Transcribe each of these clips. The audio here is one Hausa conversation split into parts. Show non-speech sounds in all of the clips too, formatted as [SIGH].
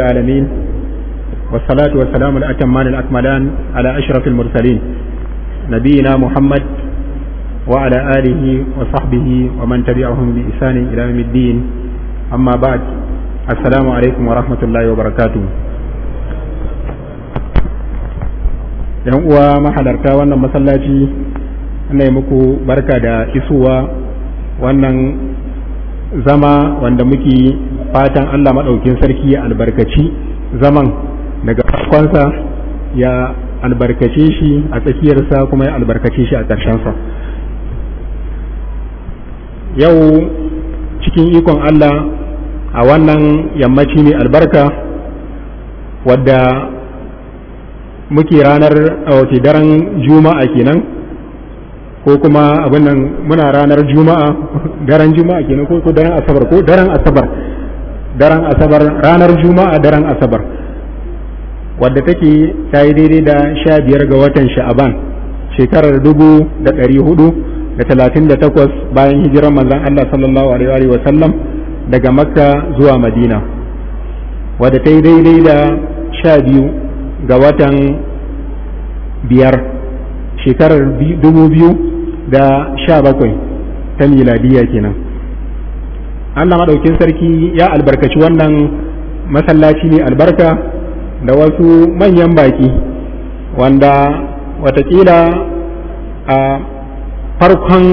العالمين والصلاة والسلام الأتمان الأكملان على أشرف المرسلين نبينا محمد وعلى آله وصحبه ومن تبعهم بإحسان إلى يوم الدين أما بعد السلام عليكم ورحمة الله وبركاته yan uwa mahalarta wannan masallaci ana muku barka da isowa wannan zama wanda muke fatan Allah maɗaukin sarki ya albarkaci zaman daga farkonsa ya albarkace shi a tsakiyarsa kuma ya albarkace shi a ƙarshensa yau cikin ikon Allah a wannan yammaci ne albarka wadda muke ranar wace daren juma'a kenan ko kuma abin nan muna ranar juma'a [LAUGHS] daren juma'a kenan ko daren asabar ko daren asabar daren asabar ranar juma'a daren asabar wadda take ta yi daidai da sha biyar ga watan sha'aban shekarar dubu da ɗari hudu da talatin da takwas bayan hijirar manzon Allah sallallahu alaihi wa sallam daga makka zuwa madina wadda ta yi daidai da sha biyu ga watan biyar shekarar dubu biyu da sha bakwai ta miladiya kenan Allah madaukin sarki ya albarkaci wannan masallaci ne albarka da wasu manyan baki wanda watakila a farkon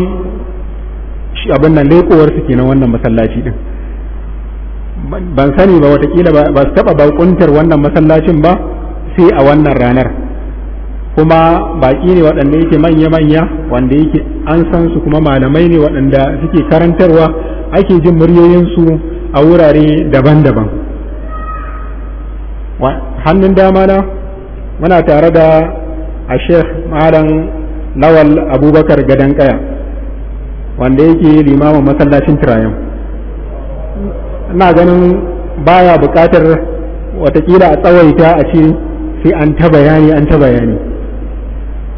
abin nan lekowarsu kenan wannan masallaci din ban sani ba watakila ba su taɓa bakuntar wannan masallacin ba sai a wannan ranar kuma baƙi ne waɗanda yake manya-manya wanda yake an san su kuma malamai ne waɗanda suke karantarwa ake jin muryoyinsu a wurare daban-daban hannun dama na muna tare da a sheikh malam lawal abubakar gadon kaya wanda yake limamin masallacin turayen ina ganin baya bukatar watakila a tsawaita a ce sai an ta bayani an ta bayani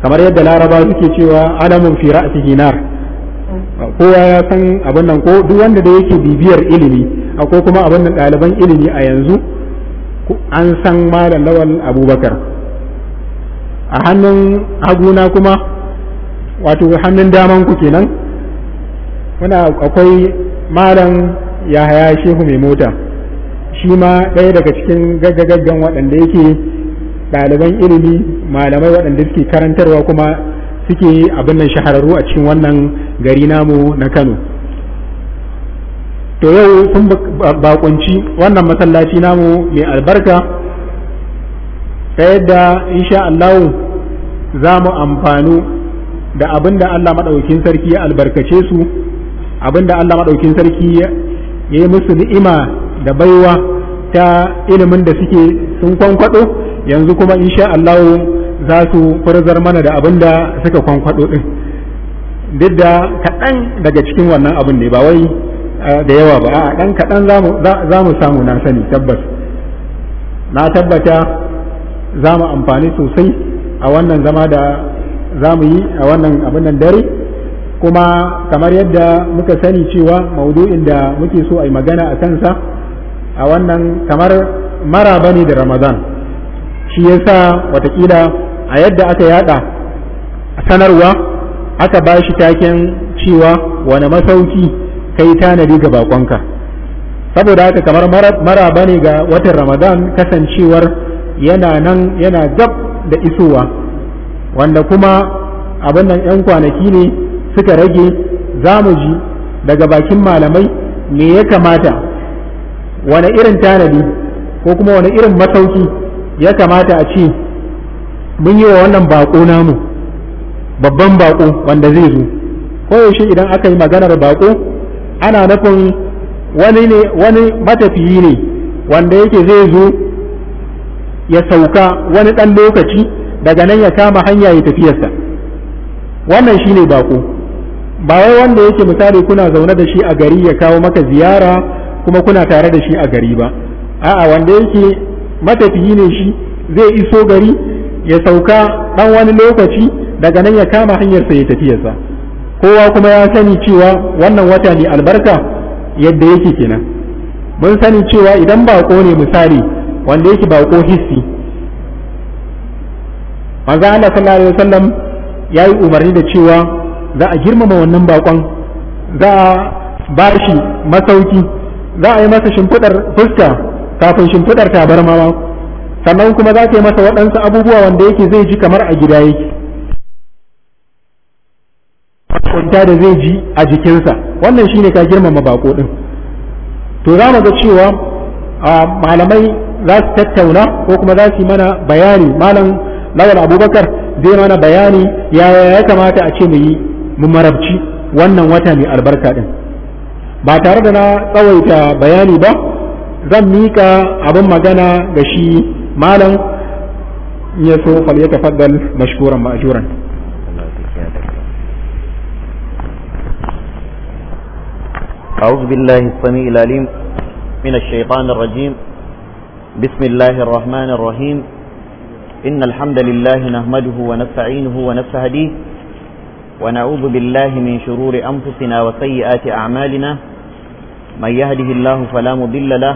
kamar yadda laraba suke cewa alamun fi ra'asi hinar kowa ya san abin nan ko duk wanda da yake bibiyar ilimi ko kuma abin nan ɗaliban ilimi a yanzu an san malam lawal abubakar a hannun haguna kuma wato hannun daman ku kenan muna akwai malam ya haya shehu mai mota shi ma ɗaya daga cikin gaggagaggan waɗanda yake ɗaliban ilimi malamai waɗanda suke karantarwa kuma suke yi abin nan shahararru a cikin wannan gari namu na Kano to yau sun bakunci wannan masallaci namu mai albarka ta yadda insha Allah za mu amfanu da abin da Allah maɗaukin sarki ya albarkace su abin da Allah maɗaukin sarki ya yi musu ni'ima da baiwa ta ilimin da suke sun kwankwaɗo yanzu kuma insha Allah za su furzar mana da abin da suka kwankwado din duk da kaɗan daga cikin wannan abin ne ba wai da yawa ba a ɗan kaɗan za mu samu na sani tabbas na tabbata za mu amfani sosai a wannan zama da za mu yi a wannan abin nan dare kuma kamar yadda muka sani cewa maudu'in da muke so a yi magana a kansa a wannan kamar mara bane da ramadan shi yasa watakila a yadda aka yada sanarwa aka ba shi taken cewa wani masauki kai yi tanadi ga bakonka saboda haka kamar maraba ne ga watan ramadan kasancewar yana nan yana gab da isowa wanda kuma abin nan 'yan kwanaki ne suka rage zamuji daga bakin malamai me ya kamata wani irin tanadi ko kuma wani irin masauki ya kamata a ce mun yi wa wannan baƙo namu babban baƙo wanda zai zo koyaushe idan aka yi maganar baƙo, ana nufin wani ne wani matafiyi ne wanda yake zai zo ya sauka wani ɗan lokaci daga nan ya kama hanya ya tafiyarsa wannan shine baƙo. ba wai wanda yake misali kuna zaune da shi a gari ya kawo maka ziyara kuma kuna tare da shi a gari ba a'a wanda yake matafiyi ne shi zai iso gari ya sauka ɗan wani lokaci daga nan ya kama hanyar sa ya tafiyarsa kowa kuma ya sani cewa wannan wata ne albarka yadda yake kenan mun sani cewa idan bako ne misali wanda yake bako hissi manzo Allah sallallahu alaihi wasallam yayi umarni da cewa za a girmama wannan bakon za a ba shi masauki za a yi masa shimfidar fuska kafin shimfidar tabarmawa. sannan kuma za ta yi masa waɗansu abubuwa wanda yake zai ji kamar a gida yake kwanta da zai ji a jikinsa wannan shine ka girmama bako ɗin. to za mu ga cewa malamai za su tattauna ko kuma za su yi mana bayani malam lawal abubakar zai mana bayani yaya ya kamata a ce mu yi mu marabci wannan wata mai albarka din ba tare da na tsawaita bayani ba zan mika abin magana ga shi malam ya so fal ya tafaddal mashkuran ma'juran أعوذ بالله السميع العليم من الشيطان الرجيم بسم الله الرحمن الرحيم إن الحمد لله نحمده ونستعينه ونستهديه ونعوذ بالله من شرور أنفسنا وسيئات أعمالنا من يهده الله فلا مضل له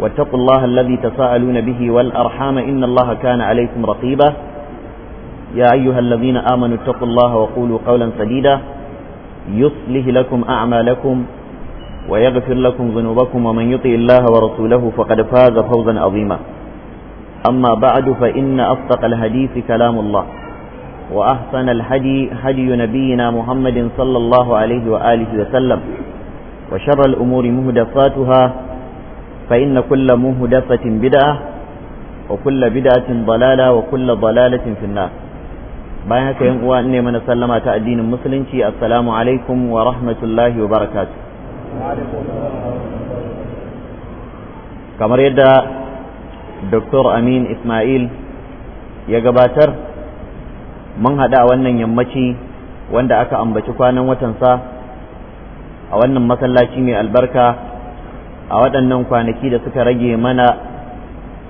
واتقوا الله الذي تساءلون به والأرحام إن الله كان عليكم رقيبا يا أيها الذين آمنوا اتقوا الله وقولوا قولا سديدا يصلح لكم أعمالكم ويغفر لكم ذنوبكم ومن يطي الله ورسوله فقد فاز فوزا عظيما أما بعد فإن أصدق الحديث كلام الله وأحسن الهدي هدي نبينا محمد صلى الله عليه وآله وسلم وشر الأمور مهدفاتها فإن كل مهدفة بدعة وكل بدعة ضلالة وكل ضلالة في النار bayan haka yan uwa ne mana sallama ta addinin musulunci assalamu alaikum wa rahmatullahi wa barakatuh kamar yadda dr amin ismail ya gabatar mun haɗa wannan yammaci wanda aka ambaci kwanan watansa a wannan masallaci mai albarka a waɗannan kwanaki da suka rage mana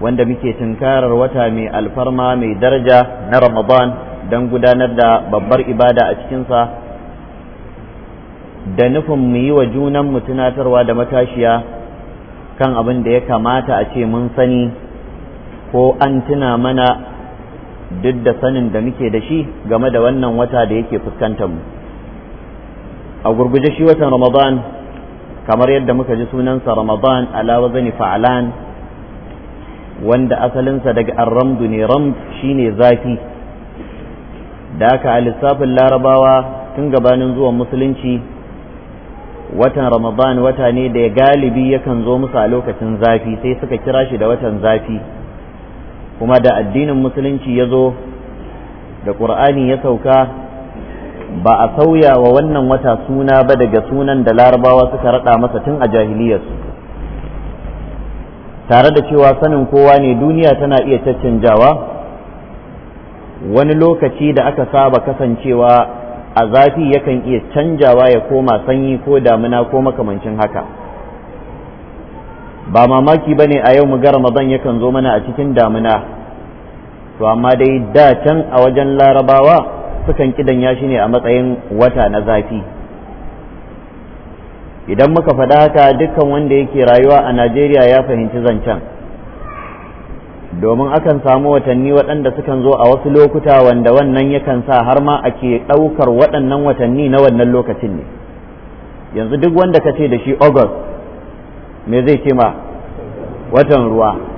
wanda muke tunkarar wata mai alfarma mai daraja na ramadan don gudanar da babbar ibada a cikinsa da nufin mu yi wa junan mu tunatarwa da matashiya kan abin da ya kamata a ce mun sani ko an tuna mana duk da sanin da muke da shi game da wannan wata da yake fuskantar mu a gurguje shi watan ramadan kamar yadda muka ji sunansa ramadan ala zani fa'alan wanda asalinsa daga ar-ramdu ne ram shine zafi da aka a lissafin larabawa tun gabanin zuwan musulunci watan ramadan wata ne da galibi yakan zo musu a lokacin zafi sai suka kira shi da watan zafi kuma da addinin musulunci ya zo da ƙur'ani ya sauka ba a sauya wa wannan wata suna ba daga sunan da larabawa suka raɗa masa tun a jahiliyarsu tare da cewa sanin kowa ne duniya tana iya caccanjawa wani lokaci da aka saba kasancewa a zafi yakan iya canjawa ya koma sanyi ko damina ko makamancin haka ba mamaki ba ne a yau mu garama ramadan yakan zo mana a cikin damina to amma dai da can a wajen larabawa sukan kidan shi ne a matsayin wata na zafi idan muka faɗa haka dukkan wanda yake rayuwa a najeriya ya fahimci zancen domin akan samu watanni waɗanda sukan zo a wasu lokuta wanda wannan yakan sa har ma ake ɗaukar waɗannan watanni na wannan lokacin ne yanzu duk wanda ka ce da shi august me zai ce ma watan ruwa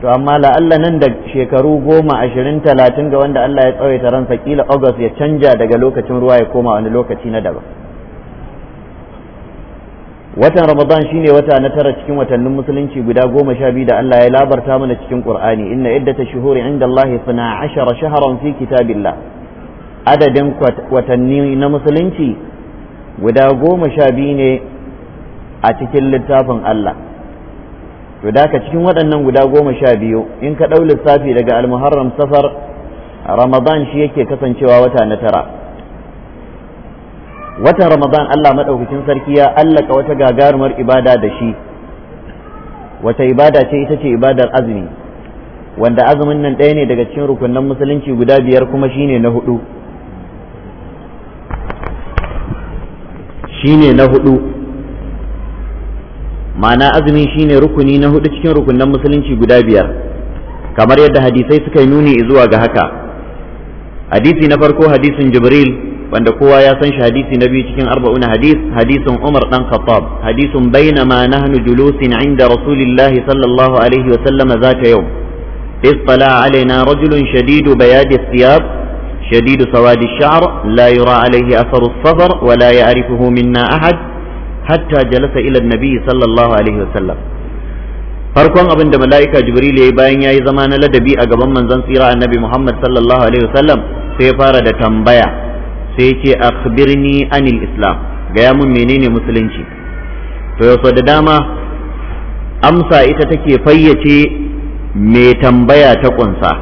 to amma la'alla nan da shekaru goma ashirin talatin ga wanda Allah ya tsawaita ransa kila August ya canja daga lokacin ruwa ya koma wani lokaci na daban watan ramadan shine wata na tara cikin watannin musulunci guda goma sha biyu da Allah ya labarta mana cikin qur'ani inna iddata shuhuri inda Allah suna ashara shahran fi kitabillah adadin watanni na musulunci guda goma sha biyu ne a cikin littafin Allah to da ka cikin waɗannan guda goma sha biyu in ka ɗau lissafi daga almuharram safar ramadan shi yake kasancewa wata na tara watan ramadan allah maɗaukakin sarki ya allaka wata gagarumar ibada da shi wata ibada ce ita ce ibadar azumi wanda azumin nan ɗaya ne daga cikin rukunan musulunci guda biyar kuma shine na na hudu ma'ana azumi shine rukuni na hudu cikin rukunan musulunci guda biyar kamar yadda hadisai suka yi nuni zuwa ga haka hadisi na farko hadisin jibril wanda kowa ya san shi hadisi na biyu cikin arba'un hadis hadisin umar dan khattab hadisin ma nahnu julusin inda rasulillah sallallahu alaihi wa sallama zata yau اطلع علينا رجل shadidu بياد الثياب شديد سواد الشعر لا يرى عليه wala الصفر ولا يعرفه منا ahad. hatta jalasa ila nabi sallallahu alaihi wasallam farkon abin da mala'ika jibril yayi bayan yayi zama na ladabi a gaban manzon tsira annabi muhammad sallallahu alaihi wasallam sai ya fara da tambaya sai ya ce akhbirni anil islam gaya mun menene musulunci to yau da dama amsa ita take fayyace me tambaya ta kunsa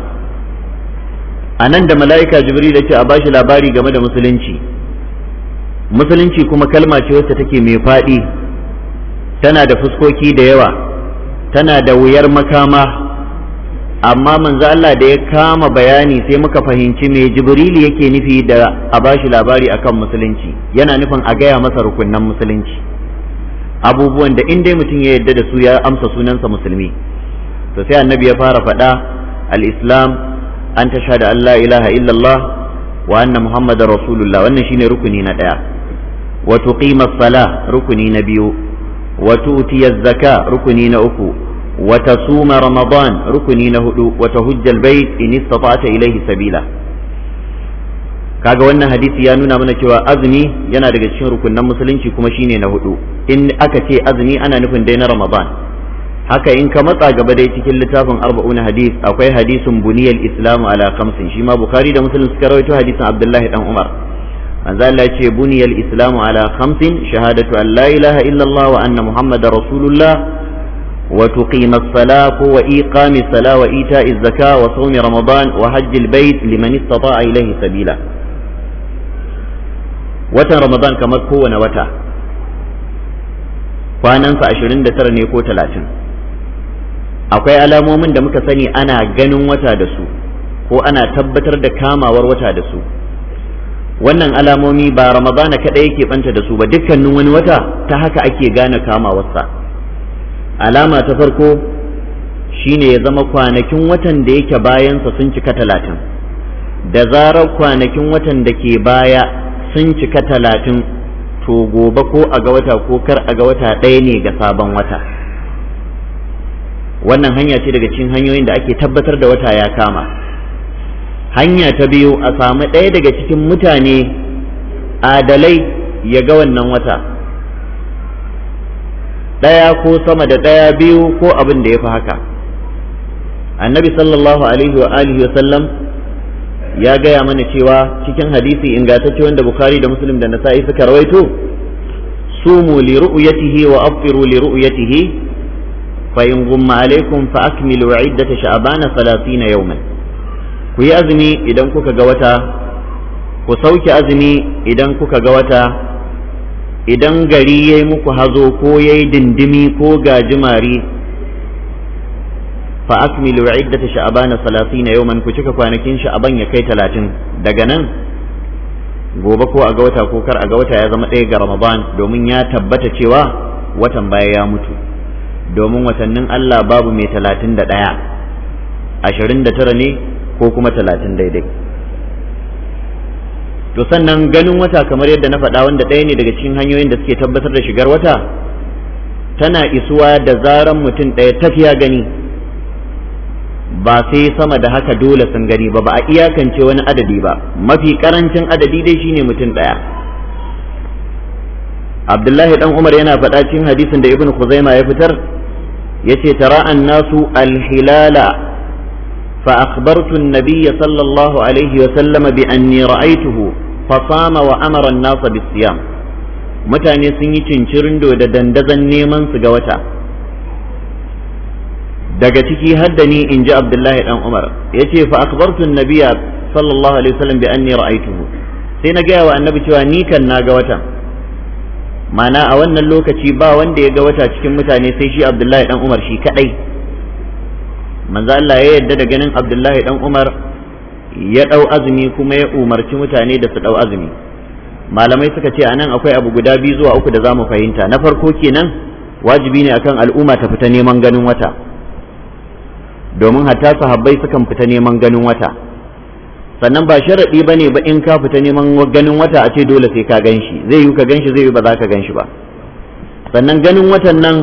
a nan da mala'ika jibril ya ce a bashi labari game da musulunci musulunci kuma kalma ce wacce take mai faɗi tana da fuskoki da yawa tana da wuyar makama amma manzo Allah da ya kama bayani sai muka fahimci me jibrili yake nufi da a bashi labari akan musulunci yana nufin a gaya masa rukunnan musulunci abubuwan da in dai mutum ya yarda da su ya amsa sunansa musulmi to sai annabi ya fara faɗa al-islam an tashhadu an la ilaha illallah wa anna muhammadar rasulullah wannan shine rukuni na ɗaya watu tuqima as-salah rukuni na biyu wa tu'ti zaka rukuni na uku wata suma ramadan rukuni na hudu wata tahujja bai bayt in istata'ta sabila kaga wannan hadisi ya nuna mana cewa azumi yana daga cikin rukunin musulunci kuma shine na hudu in aka ce azumi ana nufin dai na ramadan haka in ka matsa gaba dai cikin littafin arba'una hadis akwai hadisin buniyal islam ala khamsin shi ma bukhari da muslim suka rawaito hadisin abdullahi dan umar manzo Allah ce buniyal islamu ala khamsin shahadatu an la ilaha illallah wa anna muhammadar rasulullah wa tuqima as-salah wa iqami as-salah wa ita'i az-zakah wa sawmi ramadan wa hajji al-bayt liman istata'a ilayhi sabila watan ramadan kamar kowane wata kwanan kwanansa 29 ne ko 30 akwai alamomin da muka sani ana ganin wata da su ko ana tabbatar da kamawar wata da su wannan alamomi ba ramadana kaɗai yake banta da su ba dukkanin wani wata ta haka ake gane kamawarsa alama ta farko shine ya zama kwanakin watan da yake bayansa sun cika talatin da zarar kwanakin watan da ke baya sun cika talatin to gobe ko a ga wata ko kar a ga wata ɗaya ne ga sabon wata wannan hanya ce daga cikin hanyoyin da ake tabbatar da wata ya kama hanya ta biyu a samu ɗaya daga cikin mutane adalai ya ga wannan wata ɗaya ko sama da ɗaya biyu ko abin da ya fi haka annabi sallallahu alaihi wa alihi wa sallam ya gaya mana cewa cikin hadisi ingantacce wanda bukari da muslim da nasa'i suka rawaito sumu li ru'yatihi wa aftiru li ru'yatihi fa in gumma alaikum fa akmilu iddata sha'bana 30 yawman ku yi azumi idan kuka ga wata ku sauke azumi idan kuka ga wata idan gari ya yi muku hazo ko ya yi dindimi ko gajimari fa akmilu iddata sha'abana 30 yawman ku cika kwanakin sha'aban ya kai talatin daga nan gobe ko a ga wata ko kar a ga wata ya zama ɗaya ga ramadan domin ya tabbata cewa watan baya ya mutu domin watannin allah babu mai talatin da ɗaya ashirin da tara ne ko kuma talatin daidai to sannan ganin wata kamar yadda na faɗa wanda ɗaya ne daga cikin hanyoyin da suke tabbatar da shigar wata tana isuwa da zaran mutum ɗaya tafiya gani ba sai sama da haka dole sun gani ba ba a iyakance wani adadi ba mafi karancin adadi dai shine mutum ɗaya abdullahi dan umar yana faɗa cikin hadisin da ibn khuzaima ya fitar yace tara annasu alhilala فأخبرت النبي صلى الله عليه وسلم بأني رأيته فصام وأمر الناس بالصيام mutane sun yi cincirindo da dandazon neman su ga wata daga ciki haddani in ji abdullahi dan umar ya ce fa akbartun nabiya sallallahu alaihi wasallam bi anni ra'aituhu sai na gaya wa annabi cewa ni kan na ga watan mana a wannan lokaci ba wanda ya ga wata cikin mutane sai shi abdullahi ɗan umar shi kadai manzo Allah ya yarda da ganin Abdullahi dan Umar ya dau azumi kuma ya umarci mutane da su dau azumi malamai suka ce anan akwai abu guda biyu zuwa uku da zamu fahimta na farko kenan wajibi ne akan al'umma ta fita neman ganin wata domin hatta sahabbai sukan fita neman ganin wata sannan ba sharaɗi ba ne ba in ka fita neman ganin wata a ce dole sai ka gan shi zai yi ka gan zai yi ba za ka gan ba sannan ganin watan nan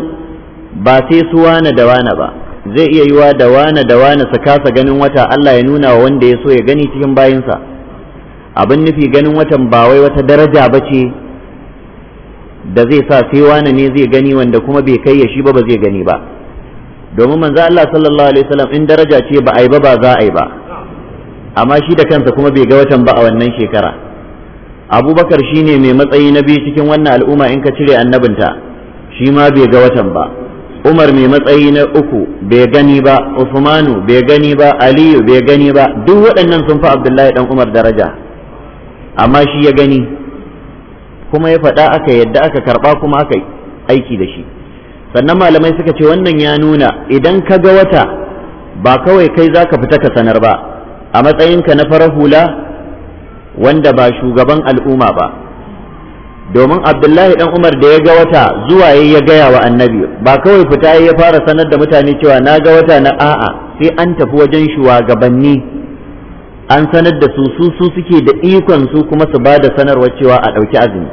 ba sai su wane da wana ba zai iya yiwa da wane da wane su kasa ganin wata Allah ya nuna wa wanda ya so ya gani cikin bayinsa abin nufi ganin watan ba wai wata daraja ba ce da zai sa sai wane ne zai gani wanda kuma bai kai ya shi ba ba zai gani ba domin manzo Allah sallallahu alaihi wasallam in daraja ce ba ai ba ba za a ba amma shi da kansa kuma bai ga watan ba a wannan shekara abubakar shine mai matsayi na biyu cikin wannan al'umma in ka cire annabinta shi ma bai ga watan ba umar mai matsayi na uku bai gani ba usmanu bai gani ba aliyu bai gani ba duk waɗannan sun fi abdullahi dan umar daraja amma shi ya gani kuma ya faɗa aka yadda aka karɓa kuma aka aiki da shi sannan malamai suka ce wannan ya nuna idan ka ga wata ba kawai kai za ka fita ka sanar ba a matsayinka na farar hula wanda ba shugaban al'umma ba domin abdullahi dan umar da ya ga wata zuwa ya ya gaya wa annabi ba kawai fita ya fara sanar da mutane cewa na ga wata na a'a sai an tafi wajen shugabanni an sanar da su su su suke da ikon su kuma su ba da sanarwa cewa a ɗauki azumi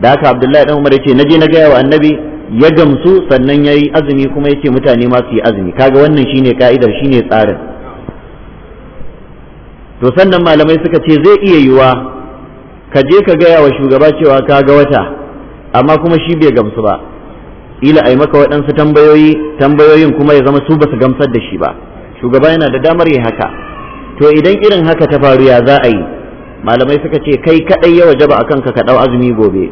da haka abdullahi dan umar ya ce naje na gaya wa annabi ya gamsu sannan ya yi azumi kuma ya ce mutane ma su yi azumi kaga wannan shine ka'idar shine tsarin to sannan malamai suka ce zai iya yiwuwa. ka je ka gaya wa shugaba cewa ka ga wata amma kuma shi bai gamsu ba ila ai maka waɗansu tambayoyi tambayoyin kuma ya zama su ba su gamsar da shi ba shugaba yana da damar yi haka to idan irin haka ta faru ya za a yi malamai suka ce kai kaɗai ya wajaba a kanka ka ɗau azumi gobe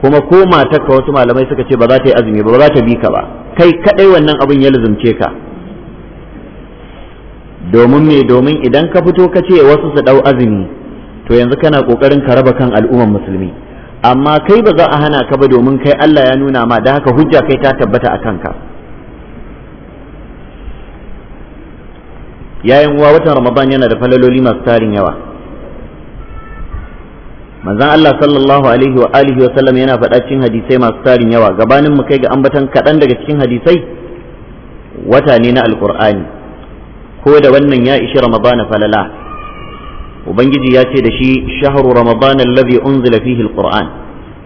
kuma ko matarka wasu malamai suka ce ba za ta yi azumi ba ba za ta bi ka ba kai kaɗai wannan abin ya luzumce ka domin me domin idan ka fito ka ce wasu su ɗau azumi to yanzu kana kokarin ka raba kan al'umman musulmi amma kai ba za a hana ka ba domin kai Allah ya nuna ma da haka hujja kai ta tabbata a kanka yayin uwa watan ramadan yana da falaloli masu tarin yawa manzon Allah sallallahu alaihi wa alihi wa sallam yana faɗa cikin hadisai masu tarin yawa gabanin mu kai ga ambatan kaɗan daga cikin hadisai wata ne na alqur'ani ko da wannan ya ishi ramadana falala ubangiji ya ce da shi shahar ramadana allazi unzila fihi alquran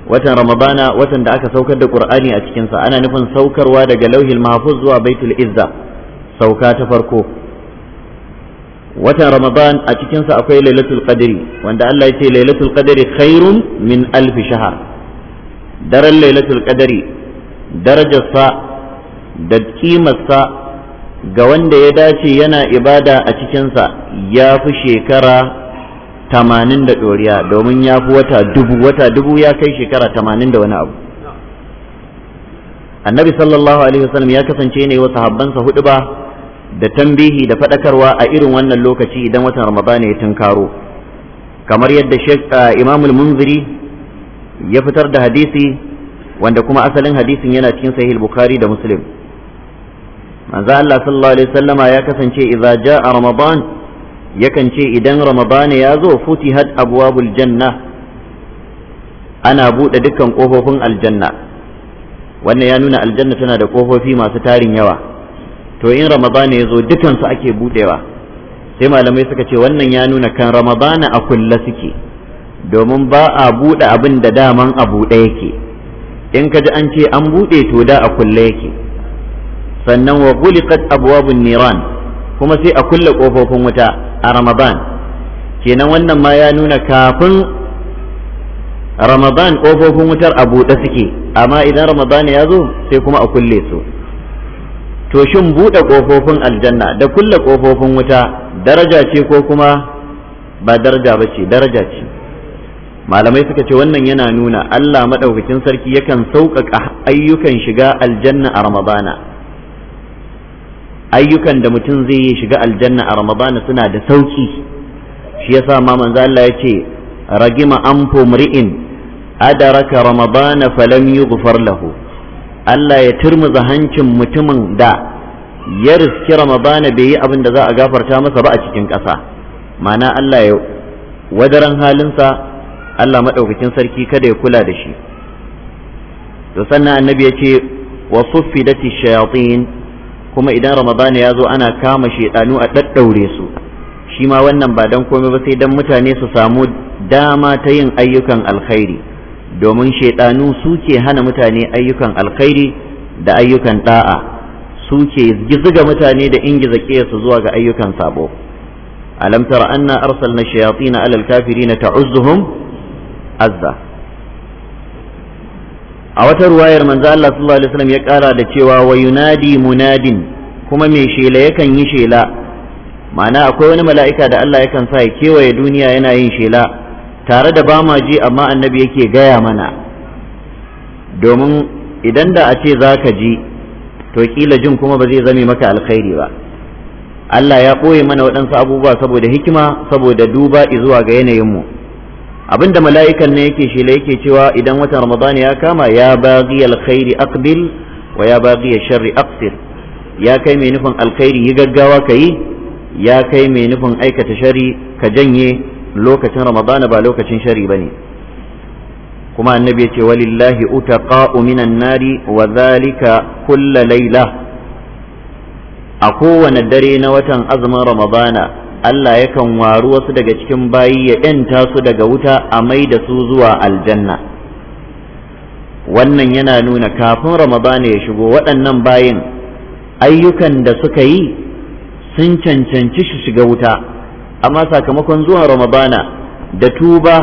watan ramadana watan da aka saukar da qur'ani a cikin sa ana nufin saukarwa daga lauhil mahfuz zuwa baitul izza sauka ta farko watan ramadan a cikin sa akwai lailatul qadri wanda Allah ya ce lailatul qadri khairun min alf shahr daren lailatul qadri darajarsa da kimarsa ga wanda ya dace yana ibada a cikinsa ya fi shekara tamanin da ɗoriya domin ya fi wata dubu wata dubu ya kai shekara tamanin da wani abu annabi sallallahu alaihi wasallam ya kasance ne wasu habbansa hudu ba da tambihi da faɗakarwa a irin wannan lokaci idan watan ramadana ya tunkaro kamar yadda ah, imamul munziri ya fitar da hadisi wanda kuma asalin hadisin yana cikin sahih bukari da muslim manzo Allah sallallahu alaihi wasallama ya kasance idza jaa ramadan yakan ce idan ramadana ya zo had abwabul janna ana buɗe dukkan ƙofofin aljanna wannan ya nuna aljanna tana da ƙofofi masu tarin yawa to in ramadana ya zo dukansu ake buɗewa sai malamai suka ce wannan ya nuna kan ramadana a kulla suke domin ba a buɗe abin da daman a buɗe yake in ka ji an ce an buɗe to da a kulle yake sannan wa ghuliqat abwabun niran kuma sai a kulle ƙofofin wuta a ramadan kenan wannan ma ya nuna kafin ramadan ƙofofin wutar a buɗe suke amma idan ramadan ya zo sai kuma a kulle su to shin buɗe ƙofofin aljanna da kulle ƙofofin wuta daraja ce ko kuma ba daraja ba ce daraja ce malamai suka ce wannan yana nuna allah maɗaukakin sarki yakan sauƙaƙa ayyukan shiga aljanna a ramadana ayyukan da mutum zai yi shiga aljanna a ramadana suna da sauki shi yasa ma manzo Allah yace ragima anfu mri'in adaraka ramadana falam yughfar lahu Allah ya turmuza hancin mutumin da ya riski ramadana bai yi abin da za a gafarta masa ba a cikin ƙasa ma'ana Allah ya wadaran halinsa Allah maɗaukakin sarki kada ya kula da shi to sannan annabi ya ce wa suffidati shayatin kuma idan ramadana ya zo ana kama shaidanu a ɗaɗɗaure su shi ma wannan ba dan komai ba sai dan mutane su samu dama ta yin ayyukan alkhairi domin shaidanu suke hana mutane ayyukan alkhairi da ayyukan da'a suke ke giziga mutane da ingiza su zuwa ga ayyukan sabo alam tara anna arsalna shayatin alal kafirin ta'uzzuhum azza a wata ruwayar manzo Allah sallallahu alaihi wasallam ya kara da cewa wa yunadi munadin kuma mai shela yakan yi shela ma'ana akwai wani mala'ika da Allah yakan sa ya kewaye duniya yana yin shela tare da ba ma ji amma annabi yake gaya mana domin idan da a ce za ka ji to kila jin kuma ba zai zame maka alkhairi ba Allah ya ɓoye mana waɗansu abubuwa saboda hikima saboda duba zuwa ga yanayinmu mu abinda mala'ikan ne yake shi yake cewa idan watan ramadan ya kama ya baghi alkhairi aqbil wa ya baghi sharri aqsir ya kai mai nufin alkhairi yi gaggawa kayi ya kai mai nufin aikata shari ka janye lokacin ramadan ba lokacin shari bane kuma annabi ya ce walillahi utaqa'u minan nari wa zalika kulla laila a kowane dare na watan azumin ramadana Allah yakan waru wasu daga cikin bayi ya ‘yanta su daga wuta a mai da su zuwa aljanna wannan yana nuna kafin ramadana ya shigo waɗannan bayin ayyukan da suka yi sun cancanci shi shiga wuta amma sakamakon zuwa ramadana da tuba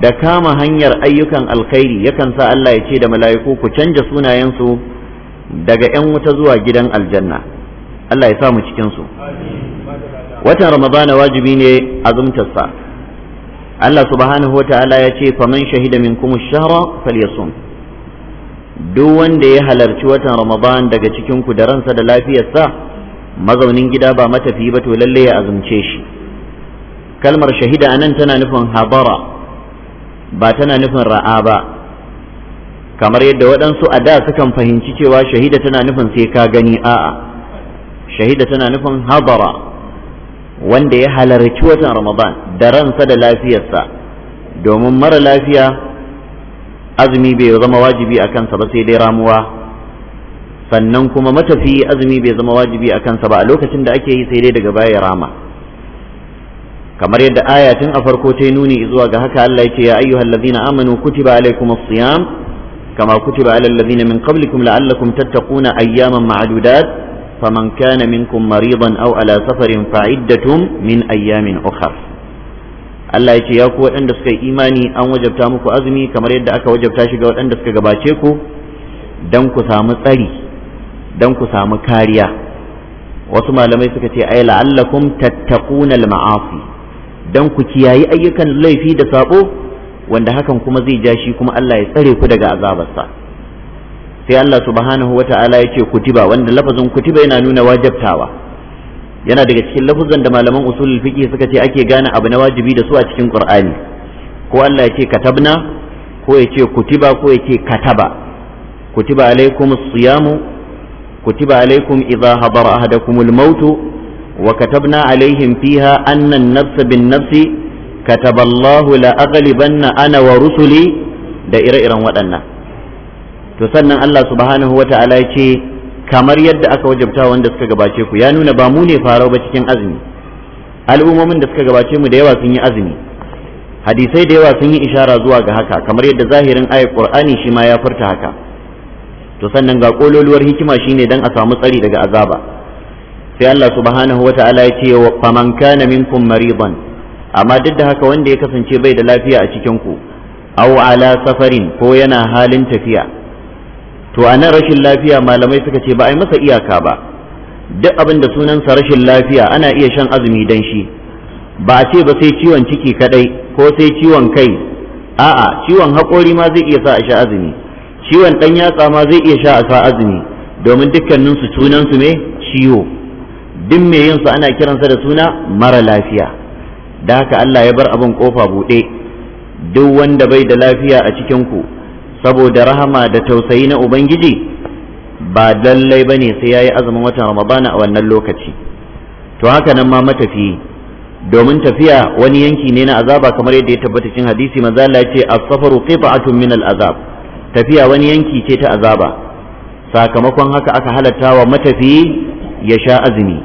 da kama hanyar ayyukan alkhairi yakan sa Allah ya ce da mala'iku ku canja sunayensu daga ‘yan wuta zuwa gidan aljanna Allah ya sa mu cikinsu. watan ramadana wajibi ne azumtarsa Allah subhanahu ta'ala ya ce faman shahida minkum ash-shahra falyasum duk wanda ya halarci watan ramadan daga cikin ku da ransa da lafiyarsa mazaunin gida ba matafi ba to lalle ya azumce shi kalmar shahida anan tana nufin habara ba tana nufin ra'a ba kamar yadda waɗansu a da sukan fahimci cewa shahida tana nufin sai ka gani a'a shahida tana nufin habara wanda ya halarci watan ramadan da ransa da lafiyarsa domin mara lafiya azumi bai zama wajibi a kansa ba sai dai ramuwa sannan kuma matafi azumi bai zama wajibi a kansa ba a lokacin da ake yi sai dai daga baya rama kamar yadda aya tun a farko ta nuni zuwa ga haka Allah yake ya ayyuhallazina amanu kutiba alaikumus siyam kama kutiba alal ladzina min qablikum la'allakum tattaquna ayyaman ma'dudat فمن كان منكم مريضا أو على سفر فعدة من أيام أخر Allah ya ce ya ku waɗanda suka yi imani an wajabta muku azumi kamar yadda aka wajabta shi ga waɗanda suka gabace ku don ku samu tsari don ku samu kariya wasu malamai suka ce ai la'allakum tattaquna al-ma'asi don ku kiyayi ayyukan laifi da sabo wanda hakan kuma zai ja shi kuma Allah ya tsare ku daga azabarsa sai Allah subhanahu wata'ala ya ce kutiba wanda lafazin kutiba yana nuna wajabtawa yana daga cikin lafazan da malaman usulul fiqh suka ce ake gane abu na wajibi da su a cikin qur'ani ko Allah ya ce katabna ko ya ce kutiba ko ya ce kataba kutiba alaikum siyamu kutiba alaikum idza hadara kumulmautu wa katabna alaihim fiha anna an-nafsa bin-nafsi kataballahu la aghlibanna ana wa rusuli da ire-iren waɗannan to sannan Allah subhanahu ta'ala ya ce kamar yadda aka wajabta wanda suka gabace ku ya nuna ba mu ne farau ba cikin azumi al'ummomin da suka gabace mu da yawa sun yi azumi hadisai da yawa sun yi ishara zuwa ga haka kamar yadda zahirin ayat qur'ani shi ma ya furta haka to sannan ga kololuwar hikima shine dan a samu tsari daga azaba sai Allah subhanahu ta'ala ya ce wa man kana minkum maridan amma duk da haka wanda ya kasance bai da lafiya a cikin ku aw ala safarin ko yana halin tafiya to a nan rashin lafiya malamai suka ce ba a yi masa iyaka ba duk abin da sunansa rashin lafiya ana iya shan azumi dan shi ba a ce ba sai ciwon ciki kadai ko sai ciwon kai a'a ciwon haƙori ma zai iya sa a sha azumi ciwon ɗan yatsa ma zai iya sha a sa azumi domin dukkaninsu sunansu ne ciwo duk mai yinsu ana kiransa da suna mara lafiya da haka Allah ya bar abin kofa buɗe duk wanda bai da lafiya a cikin ku saboda rahama da tausayi na ubangiji ba lallai ba ne sai ya yi azumin watan ramadana a wannan lokaci to haka nan ma matafi domin tafiya wani yanki ne na azaba kamar yadda ya tabbata cikin hadisi maza Allah ya ce as-safaru qita'atun min al-azab tafiya wani yanki ce ta azaba sakamakon haka aka halatta wa matafi ya sha azumi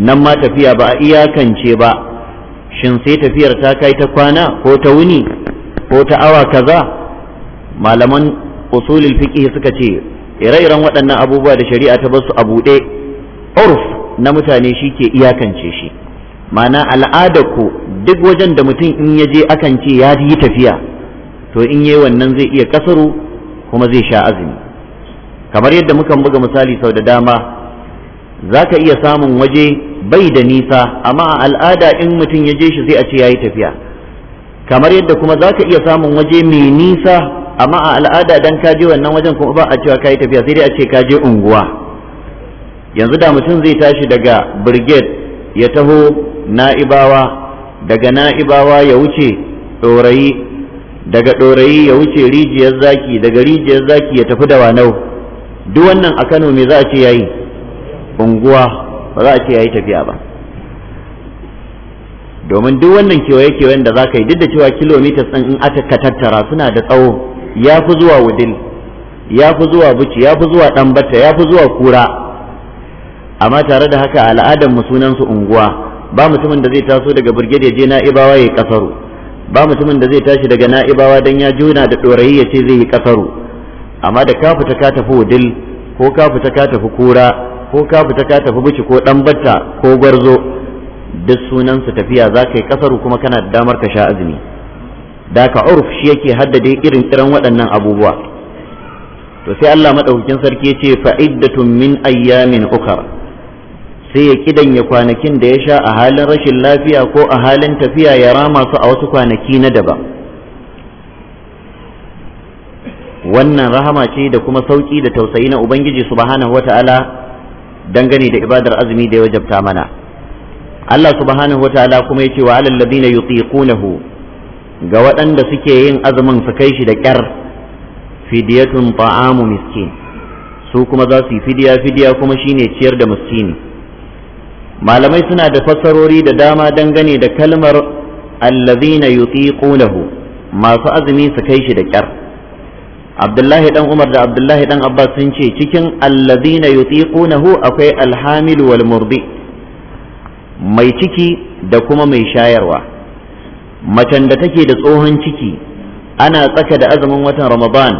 nan ma tafiya ba a iyakance ba shin sai tafiyar ta kai ta kwana ko ta wuni ko ta awa kaza malaman usulul fiqh suka ce ire-iren waɗannan abubuwa da shari'a ta basu a buɗe urf na mutane shi ke iyakance shi ma'ana al'ada ku duk wajen da mutum in ya je akan ce ya yi tafiya to in yi wannan zai iya kasaru kuma zai sha azumi kamar yadda muka buga misali sau da dama za ka iya samun waje bai da nisa amma a al'ada in mutum ya je shi zai a ce ya yi tafiya kamar yadda kuma za ka iya samun waje mai nisa amma a al'ada dan ka je wannan wajen kuma ba a cewa kai tafiya sai dai a ce ka je unguwa yanzu da mutum zai tashi daga brigade ya taho na'ibawa daga na'ibawa ya wuce ɗorayi daga ɗorayi ya wuce rijiyar zaki daga rijiyar zaki ya tafi da wanau duk wannan a Kano me za a ce yayi unguwa ba za a ce yayi tafiya ba domin duk wannan kewaye-kewayen da za ka yi duk da cewa kilomitas ɗin in aka tattara suna da tsawo ya fi zuwa wudil ya fi zuwa buci ya fi zuwa ɗambata ya fi zuwa kura amma tare da haka al'adar mu sunansu unguwa ba mutumin da zai taso daga burgede je na'ibawa ya kasaru ba mutumin da zai tashi daga na'ibawa dan ya juna da ɗorayi ya ce zai yi kasaru amma da ka fita ka tafi wudil ko ka fita ka tafi kura ko ka fita ka tafi buci ko ɗan ko gwarzo duk sunansu tafiya za ka yi kasaru kuma kana da damar ka sha azumi da ka urf shi yake haddade irin irin waɗannan abubuwa to sai Allah maɗaukin sarki ya ce fa'iddatun min ayyamin ukar sai ya ya kwanakin da ya sha a halin rashin lafiya ko a halin tafiya ya rama su a wasu kwanaki na daban wannan rahama ce da kuma sauƙi da tausayi na ubangiji subhanahu wata'ala dangane da ibadar azumi da ya wajabta mana Allah subhanahu wata'ala kuma ya ce wa alal ladina yutiqunahu ga waɗanda suke yin azumin su kai shi da ƙyar fidiyatun ta'amu miskin su kuma za su yi fidiya fidiya kuma shine ciyar da miskini malamai suna da fassarori da dama dangane da kalmar allazina yutiqunahu masu azumi su kai shi da ƙyar abdullahi dan umar da abdullahi dan abbas sun ce cikin allazina yutiqunahu akwai alhamil wal murdi mai ciki da kuma mai shayarwa macen da take da tsohon ciki ana tsaka da azumin watan ramadan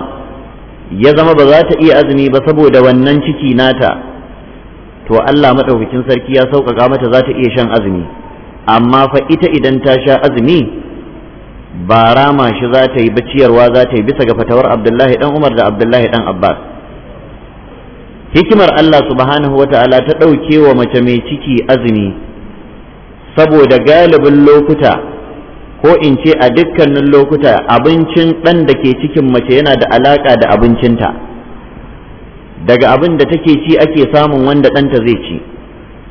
ya zama ba za ta iya azumi ba saboda wannan ciki nata to Allah maɗaukakin sarki ya sauƙaƙa mata za ta iya shan azumi amma fa ita idan ta sha azumi ba rama shi za ta yi baciyarwa za ta yi bisa ga fatawar abdullahi dan umar da abdullahi dan abbas hikimar Allah subhanahu wa ta'ala ta ɗauke wa mace mai ciki azumi saboda galibin lokuta ko in ce a dukkanin lokuta abincin ɗan da ke cikin mace yana da alaƙa da abincinta daga abin da take ci ake samun wanda ɗanta zai ci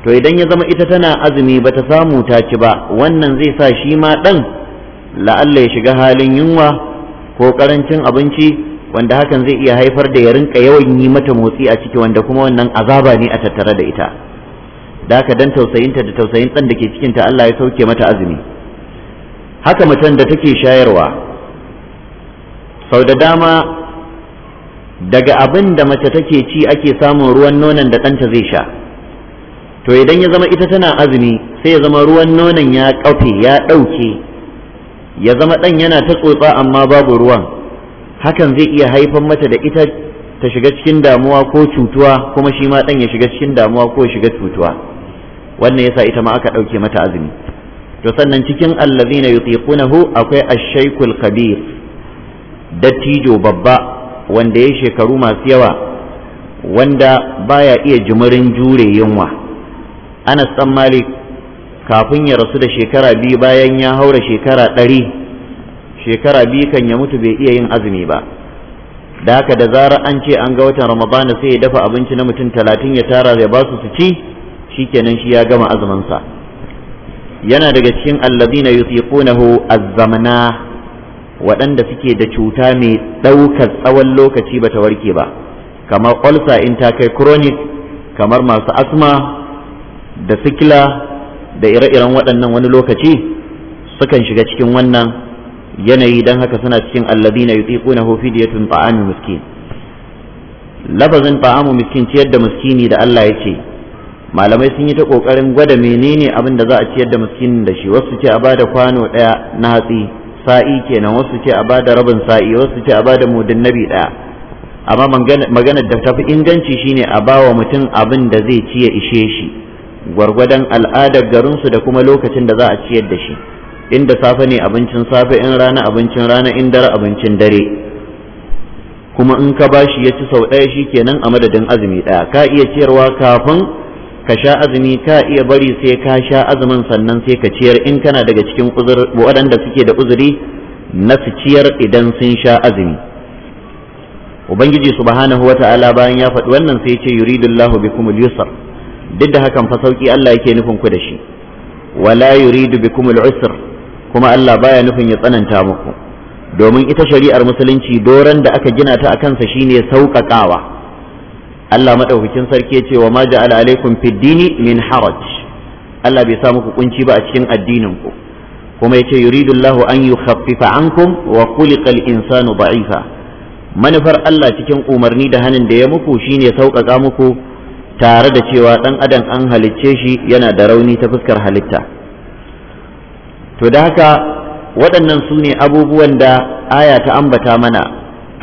to idan ya zama ita tana azumi ba ta samu ta ci ba wannan zai sa shi ma ɗan la'alla ya shiga halin yunwa ko ƙarancin abinci wanda hakan zai iya haifar da ya rinka yawan yi mata motsi a ciki wanda kuma wannan azaba ne a tattare da ita da haka dan tausayinta da tausayin ɗan da ke cikinta Allah ya sauke mata azumi haka mutum da take shayarwa sau da dama daga abin da mace take ci ake samun ruwan nonon da ɗanta zai sha to idan ya zama ita tana azumi sai ya zama ruwan nonon ya ƙafe ya ɗauke ya zama ɗan yana ta tsotsa amma babu ruwan hakan zai iya haifar mata da ita ta shiga cikin damuwa ko cutuwa kuma shi ma ɗan ya shiga cikin damuwa ko shiga cutuwa wannan yasa ita ma aka ɗauke mata azumi to sannan cikin allazina yutiqunahu akwai ash shaykhul kabir dattijo babba wanda ya shekaru masu yawa wanda baya iya jimurin jure yunwa Anas dan Malik kafin ya rasu da shekara biyu bayan ya haura shekara ɗari shekara biyu kan ya mutu bai iya yin azumi ba da haka da zarar an ce an ga watan ramadana sai ya dafa abinci na mutum talatin ya tara ya ba su su ci shikenan shi ya gama azuminsa yana daga cikin allazina yutiqunahu az-zamana waɗanda suke da cuta mai ɗaukar tsawon lokaci bata warke ba kamar ulcer in ta kai chronic kamar masu asma da sikila da ire-iren waɗannan wani lokaci sukan shiga cikin wannan yanayi don haka suna cikin allazina yutiqunahu fidyatun ta'amu miskin lafazin ta'amu miskin ciyar da miskini da Allah ya ce malamai sun yi ta kokarin gwada menene abin da za a ciyar da miskinin da shi wasu ce a bada kwano daya na hatsi sa'i kenan wasu ce a bada rabin sa'i wasu ce a bada mudin nabi daya amma maganar da tafi inganci shine a bawa mutum abin da zai ci ya ishe shi gwargwadon al'adar garinsu da kuma lokacin da za a ciyar da shi inda safe ne abincin safe in rana abincin rana in dare abincin dare kuma in ka bashi ya ci sau ɗaya shi kenan a madadin azumi ɗaya ka iya ciyarwa kafin ka sha azumi ka iya bari sai ka sha azumin sannan sai ka ciyar in kana daga cikin waɗanda suke da uzuri na su ciyar idan sun sha azumi ubangiji subhanahu wata'ala bayan ya faɗi wannan sai ce yuridullahu bikumul yusr duk da hakan fa sauki Allah yake nufin ku da shi wala yuridu bikumul usr kuma Allah baya nufin ya tsananta muku domin ita shari'ar musulunci doron da aka gina ta a kansa shine sauƙaƙawa Allah maɗaukakin sarki ce wa ma ja'ala alaikum fid min haraj Allah bai sa muku kunci ba a cikin addinin ku kuma yace ce yuridullahu an yukhaffifa ankum wa khuliqa al-insanu da'ifa manufar Allah cikin umarni da hannun da ya muku shine sauƙaƙa muku tare da cewa dan adam an halicce shi yana da rauni ta fuskar halitta to da haka waɗannan su ne abubuwan da aya ta ambata mana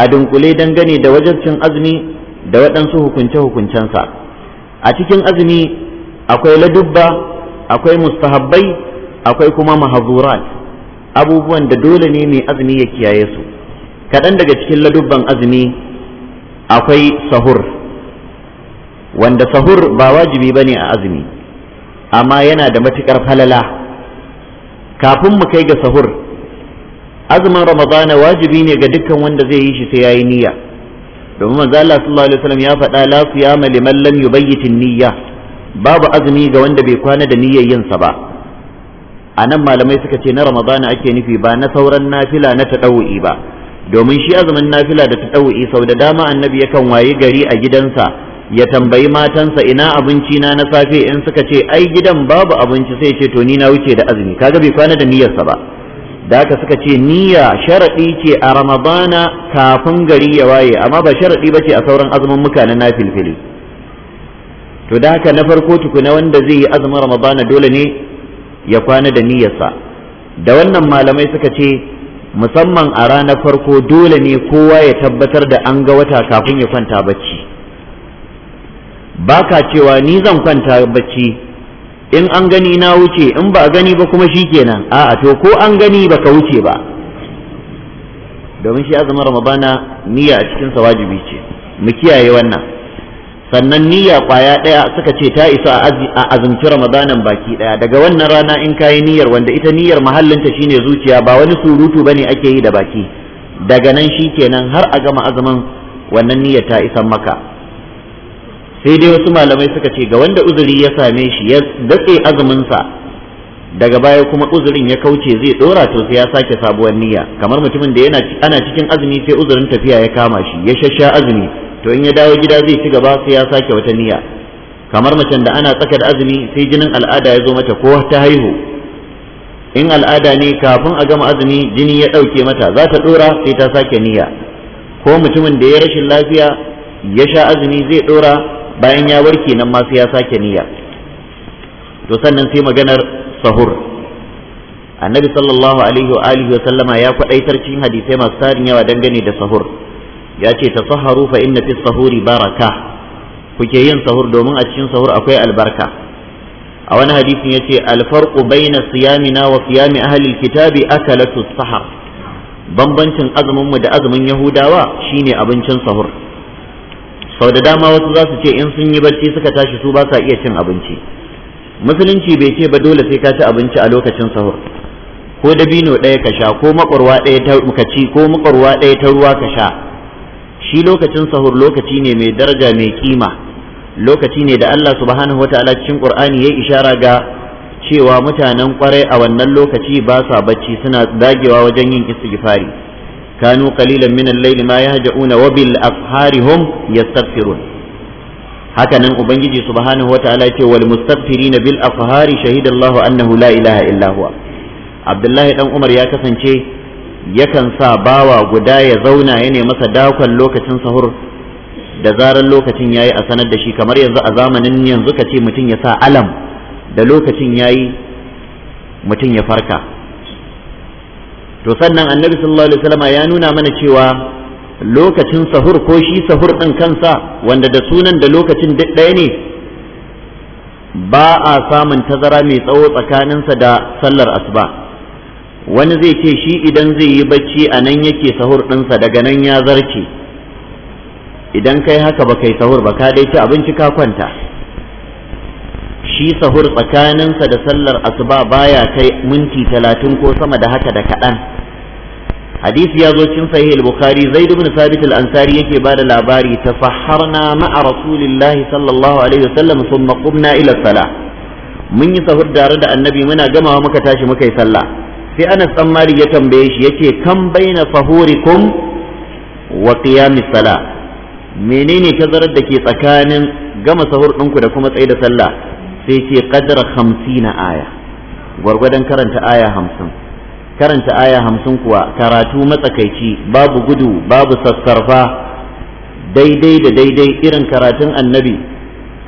a dunkule dangane da wajen cin azumi da waɗansu hukunce-hukuncensa a cikin azumi akwai ladubba akwai mustahabbai akwai kuma mahazurat abubuwan da dole ne mai azumi ya kiyaye su kaɗan daga cikin ladubban azumi akwai sahur wanda sahur ba wajibi ba ne a azumi amma yana da matuƙar falala kafin mu kai ga sahur azumin ramadana wajibi ne ga dukkan wanda zai yi shi sai ya yi niyya domin manzo Allah sallallahu alaihi wasallam ya faɗa la qiyama liman lam yubayyit niyya babu azumi ga wanda bai kwana da niyyar yin sa ba anan malamai suka ce na ramadana ake nufi ba na sauran nafila na tadawu'i ba domin shi azumin nafila da tadawu'i sau da dama annabi yakan wayi gari a gidansa ya tambayi matansa ina abinci na na safe in suka ce ai gidan babu abinci sai ce to ni na wuce da azumi kaga bai kwana da sa ba da haka suka ce niyya sharaɗi ce a ramadana kafin gari ya waye amma ba sharaɗi ba ce a sauran azumin muka na nafilfili to da haka na farko tukuna wanda zai yi azumin ramadana dole ne ya kwana da niyyarsa da wannan malamai suka ce musamman a ranar farko dole ne kowa ya tabbatar da an ga wata kafin ya kwanta bacci ba ka cewa ni zan kwanta bacci in an gani na wuce in ba a gani ba kuma shi kenan a'a to ko an gani ba ka wuce ba domin shi azumin ramadana niyya a cikin sa wajibi ce mu kiyaye wannan sannan niyya kwaya daya suka ce ta isa a azumci ramadanan baki daya daga wannan rana in ka yi niyyar wanda ita niyyar mahallinta shine zuciya ba wani surutu bane ake yi da baki daga nan shi kenan har a gama azumin wannan niyyar ta isa maka sai dai wasu malamai suka ce ga wanda uzuri ya same shi ya datse azuminsa daga baya kuma uzurin ya kauce zai dora to sai ya sake sabuwar niyya kamar mutumin da yana ana cikin azumi sai uzurin tafiya ya kama shi ya shasha azumi to in ya dawo gida zai ci gaba sai ya sake wata niyya kamar macen da ana tsaka da azumi sai jinin al'ada ya zo mata ko ta haihu in al'ada ne kafin a gama azumi jini ya ɗauke mata za ta ɗora sai ta sake niyya ko mutumin da ya rashin lafiya ya sha azumi zai ɗora bayan ya warke nan masu ya sake niyya to sannan sai maganar sahur annabi sallallahu alaihi wa alihi wa sallama ya kwadaitar cikin hadisai masu tarin yawa dangane da sahur ya ce tasahharu fa inna fi sahuri baraka kuke yin sahur domin a cikin sahur akwai albarka a wani hadisin ya ce alfarqu baina siyamina wa siyami ahli alkitabi akalatu sahar bambancin azumin mu da azumin yahudawa shine abincin sahur sau da dama wasu za su ce in sun yi barci suka tashi su ba sa iya cin abinci musulunci bai ce ba dole sai ka ci abinci a lokacin sahur ko dabino ɗaya ka sha ko makwarwa ɗaya ta ka ci ko makwarwa ɗaya ta ruwa ka sha shi lokacin sahur lokaci ne mai daraja mai kima lokaci ne da Allah subhanahu wataala cikin Qur'ani ya ishara ga cewa mutanen kwarai a wannan lokaci ba sa bacci suna dagewa wajen yin istighfari kanu qalilan min al-layli ma yahja'una wa bil afhari hum yastaghfirun haka nan ubangiji subhanahu wataala ya ce wal mustaghfirina bil afhari shahida Allah annahu la ilaha illa huwa Abdullahi dan Umar ya kasance yakan sa bawa guda ya zauna ya ne masa dakon lokacin sahur da zarar lokacin yayi a sanar da shi kamar yanzu a zamanin yanzu kace mutum ya sa alam da lokacin yayi mutum ya farka to sannan annabi sallallahu alaihi wasallam ya nuna mana cewa lokacin sahur ko shi sahur ɗin kansa wanda da sunan da lokacin duk ɗaya ne ba a samun tazara mai tsawo tsakaninsa da sallar asuba wani zai ce shi idan zai yi bacci a nan yake sahur ɗinsa daga nan ya zarce idan kai haka ba kai sahur ba ka dai ci abinci ka kwanta shi sahur tsakaninsa da sallar asuba baya kai minti talatin ko sama da haka da kaɗan hadisi ya zo cin sahih al-bukhari zaid ibn sabit al-ansari yake ba da labari tafaharna ma'a rasulillah sallallahu alaihi wasallam thumma qumna ila salah mun yi sahur tare da annabi muna gamawa muka tashi muka yi sallah sai anas dan ya tambaye shi yace kam baina sahurikum wa qiyamis salah menene tazarar da ke tsakanin gama sahur ɗinku da kuma tsaye da sallah sai ce hamsi na aya gwargwadon karanta aya hamsin. karanta aya hamsin kuwa karatu matsakaici babu gudu babu sassarfa daidai da daidai irin karatun annabi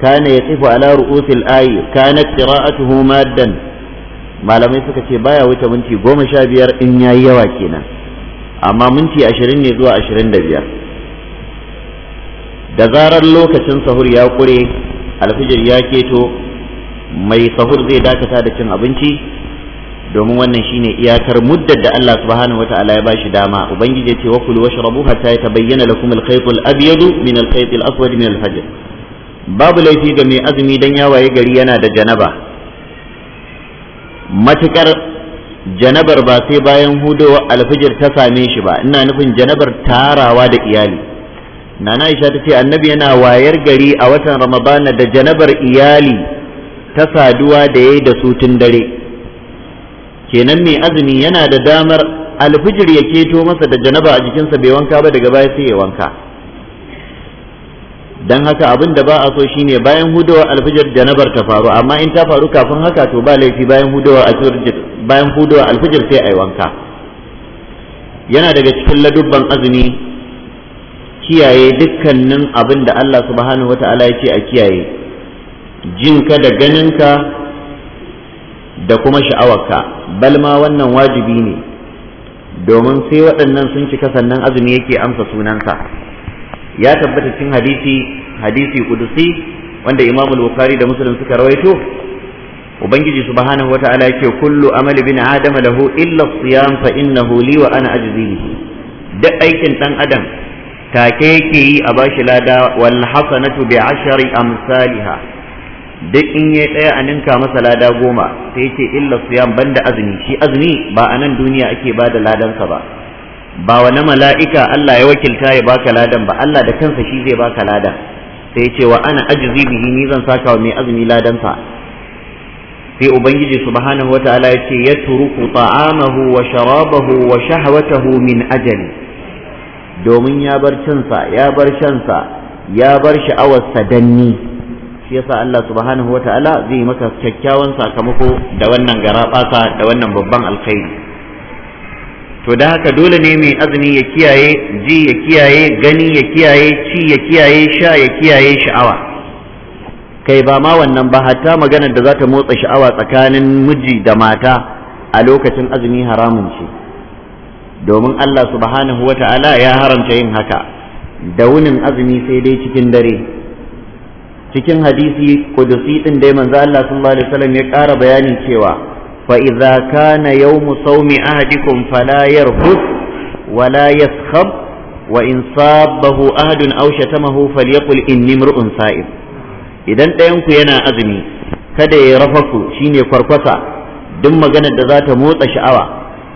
kana ya tsifu ala ru'usil ayi kana qira'atuhu maddan malamai suka ce baya wuce minti goma sha biyar in yayi yawa kenan amma minti ashirin ne zuwa ashirin da biyar da zarar lokacin sahur ya kure alfijir ya keto mai sahur zai dakata da cin abinci domin wannan shine iyakar muddar da Allah subhanahu wataala ya bashi dama ubangiji ya ce wa kulu washrabu hatta yatabayyana lakum al-khayt al-abyad min al-khayt al-aswad min al-fajr babu laifi ga mai azumi dan ya waye gari yana da janaba matukar janabar ba sai bayan hudowa alfijir ta same shi ba ina nufin janabar tarawa da iyali nana aisha ta ce annabi yana wayar gari a watan ramadana da janabar iyali ta saduwa da yayi da su tun dare kenan mai azumi yana da damar alfijir ya keto masa da janaba a jikinsa bai wanka ba daga baya sai ya wanka dan haka abinda da ba a so shine bayan hudowar alfijir janabar ta faru amma in ta faru kafin haka to ba laifi bayan hudowar alfijir bayan hudowar alfijir sai ai wanka yana daga cikin ladubban azumi kiyaye dukkanin abinda Allah subhanahu wataala ya ce a kiyaye jinka da ganin ka da kuma sha'awarka bal ma wannan wajibi ne domin sai waɗannan sun cika sannan azumi yake amsa sunansa ya tabbata cin hadisi hadisi kudusi wanda imamul bukhari da muslim suka rawaito ubangiji subhanahu wata'ala yake kullu amali bin adama lahu illa siyam fa innahu li wa ana ajzihi duk aikin dan adam take yake yi a bashi lada wal hasanatu bi ashari amsalha duk in yayi daya a ninka masa lada goma sai ce illa siyam banda azumi shi azumi ba a nan duniya ake bada ladansa ba ba wani mala'ika Allah ya wakilta ya baka ladan ba Allah da kansa shi zai baka ladan sai ce wa ana ajzi bihi ni zan saka wa mai azumi ladansa sai ubangiji subhanahu wataala ya ce yatruku ta'amahu wa sharabahu wa shahwatahu min ajali domin ya bar cinsa ya bar shansa ya bar sha'awarsa danni shi yasa Allah subhanahu wata'ala zai maka kyakkyawan sakamako da wannan garaɓasa da wannan babban alkhairi to da haka dole ne mai azumi ya kiyaye ji ya kiyaye gani ya kiyaye ci ya kiyaye sha ya kiyaye sha'awa kai ba ma wannan ba hatta magana da za ta motsa sha'awa tsakanin miji da mata a lokacin azumi haramun ce domin Allah subhanahu wata'ala ya haramta yin haka da wunin azumi sai dai cikin dare cikin hadisi kudusi din dai manzo Allah sallallahu alaihi wasallam ya ƙara bayanin cewa fa idza kana yawmu sawmi ahadikum fala yarfus wala yaskhab wa in sabahu ahadun aw shatamahu falyaqul inni mar'un sa'ib idan ɗayan ku yana azumi kada ya ku shine kwarkwasa duk maganar da za ta motsa sha'awa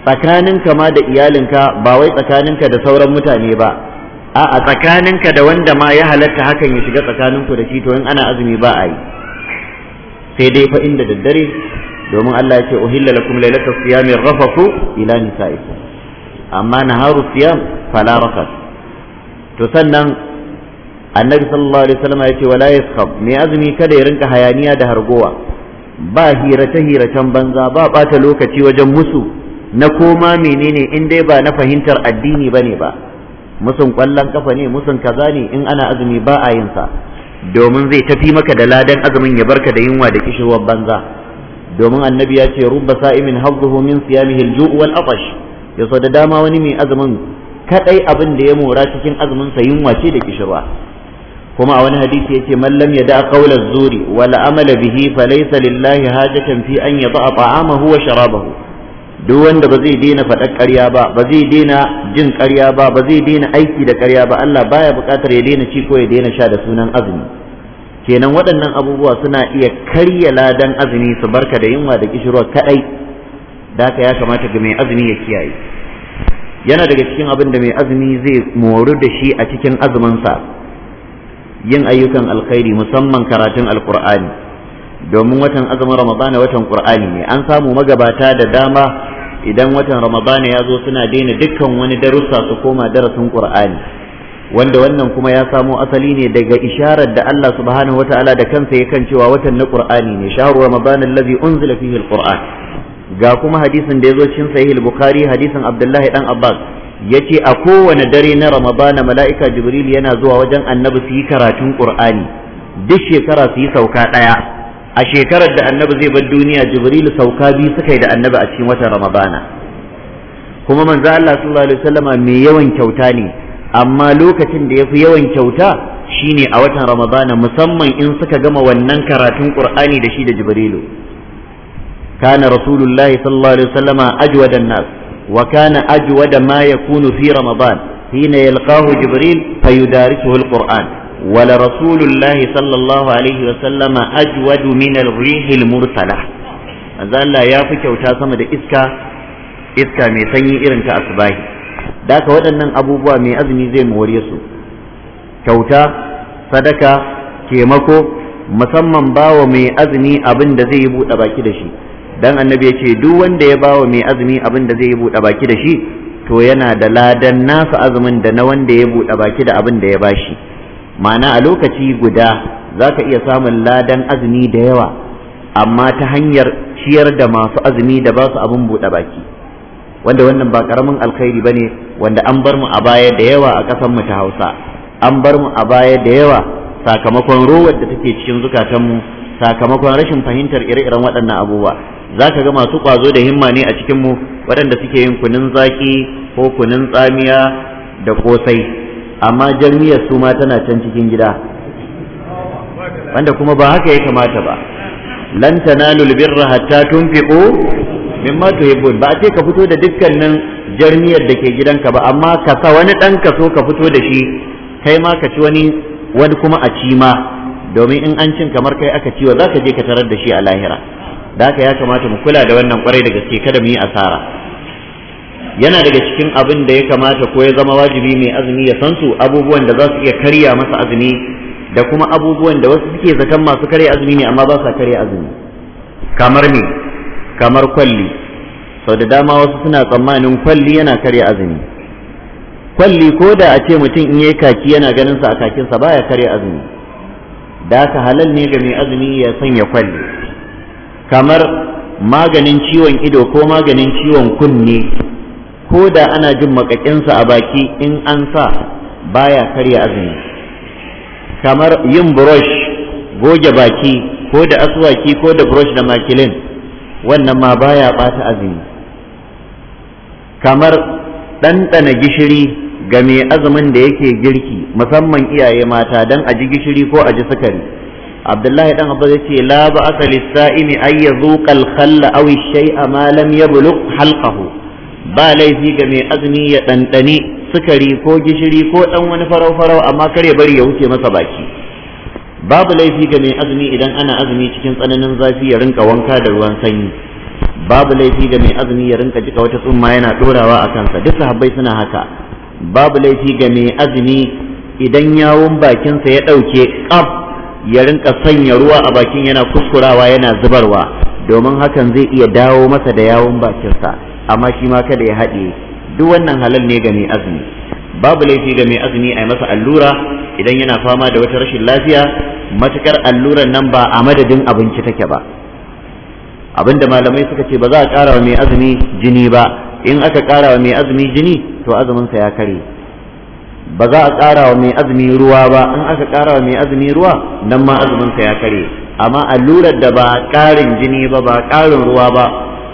tsakaninka ma da iyalinka ba wai tsakaninka da sauran mutane ba a'a tsakaninka da wanda ma ya halatta hakan ya shiga tsakaninku da shi to in ana azumi ba a yi sai dai fa inda daddare domin Allah ya ce uhilla lakum lailata siyami rafafu ila nisaikum amma naharu siyam fala rafas to sannan annabi sallallahu alaihi wasallam ya ce wala yaskhab me azumi kada ya rinka hayaniya da hargowa ba hirata hiratan banza ba bata lokaci wajen musu na koma menene in dai ba na fahimtar addini bane ba, ne ba. musun kwallon kafa ne musun kaza ne in ana azumi ba a yinsa. domin zai tafi maka da ladan azumin ya barka da yunwa da kishirwar banza domin annabi ya ce rubba sa'imin hazzuhu min siyamihi al-ju' wal atash yaso da dama wani mai azumin kadai abin da ya mora cikin azumin sa yunwa ce da kishirwa kuma a wani hadisi yace man lam yada qawla zuri wal amala bihi falaysa lillahi hajatan fi an yada ta'amahu wa sharabahu duk wanda ba zai daina faɗar ƙarya ba ba zai daina jin ƙarya ba ba zai daina aiki da ƙarya ba Allah baya buƙatar ya daina ci ko ya daina sha da sunan azumi kenan waɗannan abubuwa suna iya karya ladan azumi su barka da yunwa da kishirwa kaɗai da haka ya kamata ga mai azumi ya kiyaye yana daga cikin abin da mai azumi zai moru da shi a cikin azuminsa yin ayyukan alkhairi musamman karatun alkur'ani domin watan azumin ramadana watan qur'ani ne an samu magabata da dama idan watan ramadana ya zo suna daina dukkan wani darussa su koma darasin qur'ani wanda wannan kuma ya samo asali ne daga isharar da Allah subhanahu wataala da kansa yakan cewa watan na qur'ani ne shahru ramadana allazi unzila fihi alquran ga kuma hadisin da yazo cikin sahih al-bukhari hadisin abdullahi dan abbas yace a kowane dare na ramadana mala'ika jibril yana zuwa wajen annabi su yi karatun qur'ani duk shekara su yi sauka daya a shekarar da annabi zai bar duniya jibril sauka biyu suka yi da annabi a cikin watan ramadana kuma manzo Allah sallallahu alaihi wasallama mai yawan kyauta ne amma lokacin da yafi yawan kyauta shine a watan ramadana musamman in suka gama wannan karatun qur'ani da shi da jibrilu kana rasulullahi sallallahu alaihi wasallama ajwada nas wa kana ajwada ma yakunu fi ramadan hina yalqahu jibril fayudarisuhu alquran wala rasulullahi sallallahu alaihi wa sallama ajwadu min rihil mursala manzo Allah ya fi kyauta sama da iska iska mai sanyi irin ta asbahi da ka waɗannan abubuwa mai azumi zai more su kyauta sadaka taimako musamman bawa mai azumi abin da zai yi buɗe baki da shi dan annabi ya ce duk wanda ya bawa mai azumi abin da zai yi buɗe baki da shi to yana da ladan nasa azumin da na wanda ya buɗe baki da abin da ya bashi ma'ana a lokaci guda za ka iya samun ladan azumi da yawa amma ta hanyar ciyar da masu azumi da ba su abin buɗe baki wanda wannan ba karamin alkhairi ba ne wanda an bar mu a baya da yawa a mu ta hausa an bar mu a baya da yawa sakamakon rowar da take cikin zukatan mu sakamakon rashin fahimtar ire-iren waɗannan abubuwa za ka ga masu ƙwazo da himma ne a cikinmu waɗanda suke yin kunun zaƙi ko kunun tsamiya da kosai amma jarmiyar su ma tana can cikin gida wanda kuma ba haka ya kamata ba lan tanalul birra hatta tunfiqu mimma tuhibbun ba a ce ka fito da dukkanin jarmiyar da ke gidanka ba amma ka sa wani dan ka so ka fito da shi kai ma ka ci wani wani kuma a ci ma domin in an cin kamar kai aka ciwa za ka je ka tarar da shi a lahira da haka ya kamata mu kula da wannan kwarai da gaske kada mu yi asara yana daga cikin abin da ya kamata ko ya zama wajibi mai azumi ya san su abubuwan da za su iya karya masa azumi da kuma abubuwan da wasu suke zaton masu karya azumi ne amma ba sa karya azumi kamar me kamar kwalli sau da dama wasu suna tsammanin kwalli yana karya azumi kwalli ko da a ce mutum in yi kaki yana ganin sa a kakinsa baya karya azumi da ka halal ne ga mai azumi ya sanya kwalli kamar maganin ciwon ido ko maganin ciwon kunne ko da ana jin makakinsa a baki in an sa baya karya azumi kamar yin brush goge baki ko da aswaki ko da brush da makilin wannan ma baya bata azumi kamar ɗanɗana gishiri ga mai azumin da yake girki musamman iyaye mata dan a ji gishiri ko a ji sukari abdullahi dan abbas yace la ba asalissa lis-sa'imi ay khalla aw ash-shay'a ma lam yablugh halqahu ba laifi ga mai azumi ya ɗanɗani sukari ko gishiri ko ɗan wani farau-farau amma kar ya bari ya wuce masa baki babu laifi ga mai azumi idan ana azumi cikin tsananin zafi ya rinka wanka da ruwan sanyi babu laifi ga mai azumi ya rinka jika wata tsumma yana ɗorawa a kansa duk sahabbai suna haka babu laifi ga mai azumi idan yawon bakinsa ya ɗauke ƙaf ya rinka sanya ruwa a bakin yana kuskurawa yana zubarwa domin hakan zai iya dawo masa da yawon bakinsa amma shi ma kada ya haɗe duk wannan halal ne ga mai azumi babu laifi ga mai azumi a yi masa allura idan yana fama da wata rashin lafiya matukar alluran nan ba a madadin abinci take ba abinda malamai suka ce ba za a ƙara wa mai azumi jini ba in aka ƙara wa mai azumi jini to azuminsa ya kare ba za a ƙara wa mai azumi ruwa ba in aka ƙara wa mai azumi ruwa nan ma azuminsa ya kare amma allurar da ba ƙarin jini ba ba ƙarin ruwa ba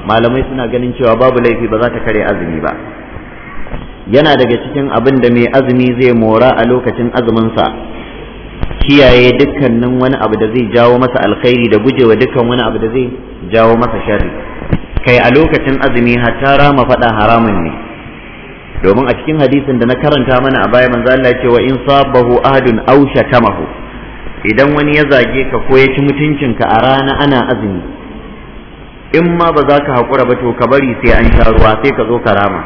malamai suna ganin cewa babu laifi ba za ta kare azumi ba yana daga cikin abin da mai azumi zai mora a lokacin azuminsa kiyaye dukkanin wani abu da zai jawo masa alkhairi da gujewa dukkan wani abu da zai jawo masa sharri kai a lokacin azumi hatta rama faɗa haramun ne domin a cikin hadisin da na karanta mana a baya manzo Allah ce wa in sabahu ahadun aw shatamahu idan wani ya zage ka ko ya ci mutuncinka a rana ana azumi in ma ba za ka haƙura ba to ka bari sai an sha ruwa sai ka zo ka rama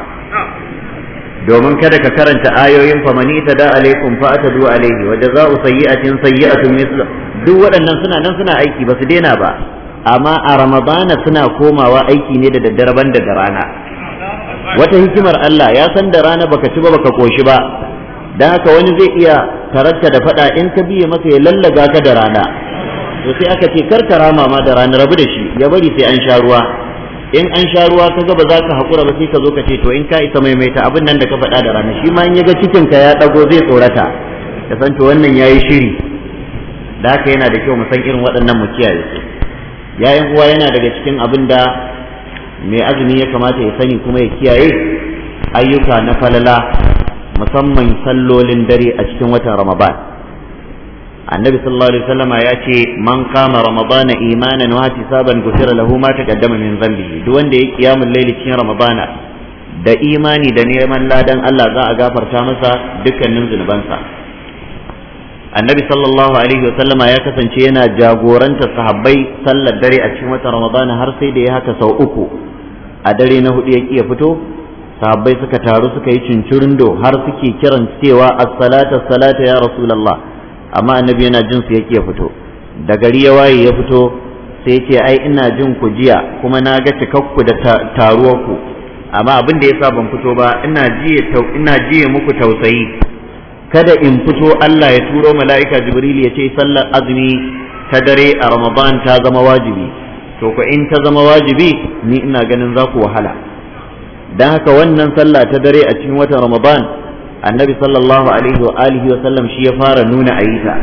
domin kada ka karanta ayoyin fa mani ta da alaikum fa du alaihi wa jaza'u sayyi'atin sayyi'atun mislu duk waɗannan suna nan suna aiki ba su daina ba amma a ramadana suna komawa aiki ne da daddare ban da rana wata hikimar Allah ya san da rana baka ci ba baka koshi ba dan haka wani zai iya karanta da fada in ka biye masa ya lallaga ka da rana to sai aka ce kar ka rama ma da rana rabu da shi ya bari sai an sha ruwa in an sha ruwa ka ba za ka haƙura ba sai ka zo ka ce to in ka isa maimaita abin nan da ka faɗa da rana shi ma in ya ga cikinka ya ɗago zai tsorata ka san to wannan ya yi shiri da haka yana da kyau mu san irin waɗannan mu kiyaye su yayin uwa yana daga cikin abin da mai azumi ya kamata ya sani kuma ya kiyaye ayyuka na falala musamman sallolin dare a cikin watan ramadan annabi sallallahu alaihi wasallam ya ce man qama ramadana imanan wa ihtisaban ghufira lahu ma taqaddama min dhanbihi duk wanda ya qiyamul layli ramadana da imani da neman ladan Allah za a gafarta masa dukkanin zunubansa annabi sallallahu alaihi wasallam ya kasance yana jagorantar sahabbai sallar dare a cikin watan ramadana har sai da ya haka sau uku a dare na hudu ya ya fito sahabbai suka taru suka yi cincirindo har suke kiran cewa as-salata as-salata ya rasulullah amma annabi yana jin su yake fito da gari ya waye ya fito sai ce ai ina jin ku jiya kuma na ga cikakku da taruwar ku amma abin da yasa ban fito ba ina jiye ina jiye muku tausayi kada in fito Allah ya turo mala'ika Jibril ya ce sallar azumi ta dare a Ramadan ta zama wajibi to ku in ta zama wajibi ni ina ganin za ku wahala dan haka wannan sallah ta dare a cikin watan Ramadan annabi sallallahu alaihi wa sallam shi ya fara nuna a yi ta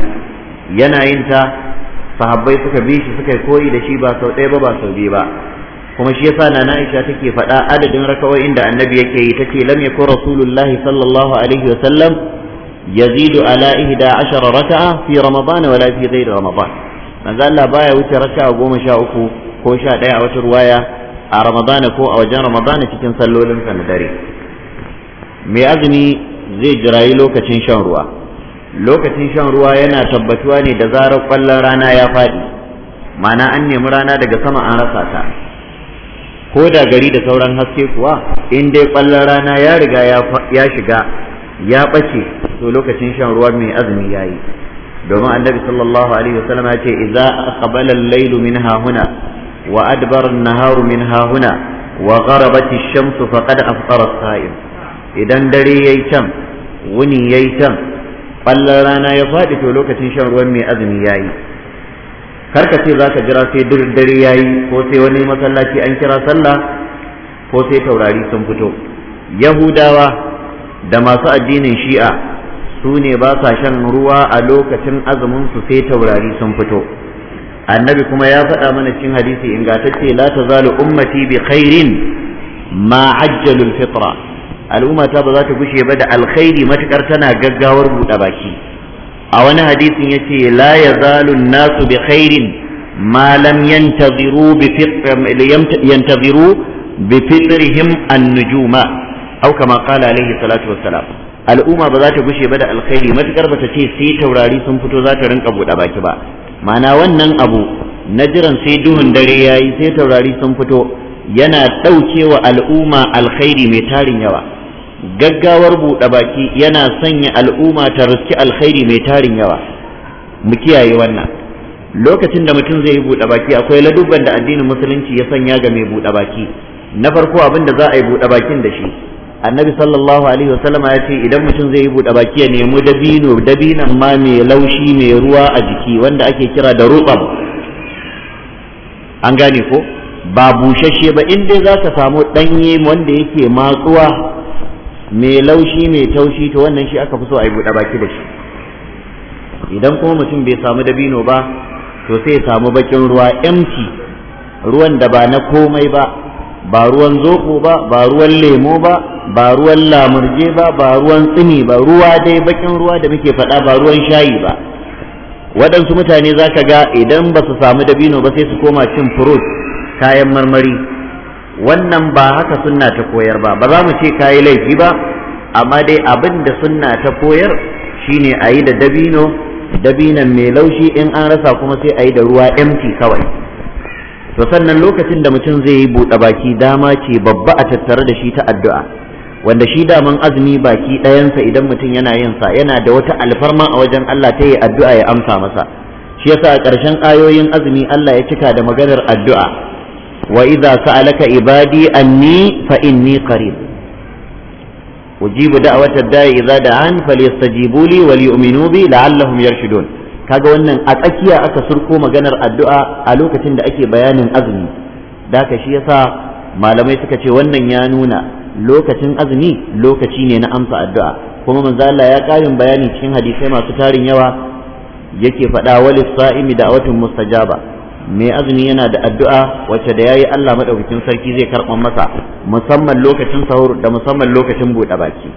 yana yin ta sahabbai suka bi shi suka koyi da shi ba sau ɗaya ba ba sau biyu ba kuma shi yasa na Aisha take faɗa adadin raka'o'in da annabi yake yi ta lam yakun ko sallallahu alaihi wa sallam yazidu ala ihda ashara raka'a fi ramadan wala fi ghairi ramadan manzo Allah baya wuce raka'a goma sha uku ko sha ɗaya a wata ruwaya a ramadana ko a wajen ramadana cikin sallolin sa na dare mai azumi zai jirayi lokacin shan ruwa lokacin shan ruwa yana tabbatuwa ne da zarar kwallon rana ya faɗi mana an nemi rana daga sama an rasa ta ko da gari da sauran haske kuwa in dai kwallon rana ya riga ya shiga ya ɓace to lokacin shan ruwa mai azumi ya yi domin annabi sallallahu alaihi wasallam ya ce idza aqbala al-laylu min hahuna wa adbara an-naharu min hahuna wa gharabat ash-shamsu faqad afṭara as-sa'im idan dare yayi can wuni ya yi can ɓallar rana ya faɗi to lokacin shan ruwan mai azumi ya yi kar ka ce za ka jira sai dare ya yi ko sai wani masallaci an kira sallah ko sai taurari sun fito yahudawa da masu addinin shi'a su ne ba sa shan ruwa a lokacin azumin su sai taurari sun fito annabi kuma ya faɗa mana cikin hadisi ingantacce la zalu ummati bi khairin ma ajjalul fitra al'umma ta ba za ta gushe ba da alkhairi matukar tana gaggawar buɗe baki a wani hadisin yace la yazalu nasu bi khairin ma lam yantaziru bi fitrihim an-nujuma kama qala alaihi salatu wassalam al'umma ba za ta gushe ba da alkhairi matukar ba ta ce sai taurari sun fito za ta rinka buɗe baki ba ma'ana wannan abu na jiran sai duhun dare yayi sai taurari sun fito yana ɗaukewa al'umma alkhairi mai tarin yawa gaggawar buɗe baki yana sanya al'umma ta riski alkhairi mai tarin yawa mu kiyaye wannan lokacin da mutum zai yi buɗe baki akwai ladubban da addinin musulunci ya sanya ga mai buɗe baki na farko abinda za a yi buɗe bakin da shi annabi sallallahu alaihi wasallama ya ce idan mutum zai yi buɗe baki ya nemi dabino dabinan ma mai laushi mai ruwa a jiki wanda ake kira da rutsam an gane ko ba bushashe ba in dai za ka samu ɗanye wanda yake matsuwa mai laushi mai taushi to wannan shi aka fi so a yi buɗe baki da shi idan kuma mutum bai samu dabino ba to sai samu bakin ruwa empty ruwan da ba na komai ba ba ruwan zoko ba ba ruwan lemo ba ba ruwan lamurje ba ba ruwan tsini ba ruwa dai bakin ruwa da muke faɗa ba ruwan shayi ba waɗansu mutane za ka ga idan ba su samu dabino ba sai su koma cin fruit kayan marmari wannan ba haka sunna ta koyar ba ba za mu ce kayi laifi ba amma dai abin da sunna ta koyar shine a yi da dabino dabinan mai laushi in an rasa kuma sai a yi da ruwa empty kawai to sannan lokacin da mutum zai yi buɗe baki dama ce babba a tattare da shi ta addu'a wanda shi daman azumi baki ɗayansa idan mutum yana yin sa yana da wata alfarma a wajen Allah ta yi addu'a ya amsa masa shi yasa a ƙarshen ayoyin azumi Allah ya cika da maganar addu'a wa idza alaka ibadi anni fa inni qarib ujibu da'wata da'i idza da'an falyastajibu li wa liyu'minu kaga wannan a tsakiya aka surko maganar addu'a a lokacin da ake bayanin azumi daka shi yasa malamai suka ce wannan ya nuna lokacin azumi lokaci ne na amsa addu'a kuma manzo Allah ya karin bayani cikin hadisai masu tarin yawa yake faɗa walis sa'imi watan mustajaba mai azumi yana da addu'a wacce da yayi Allah madaukakin sarki zai karɓa masa musamman lokacin sahur da musamman lokacin buɗe baki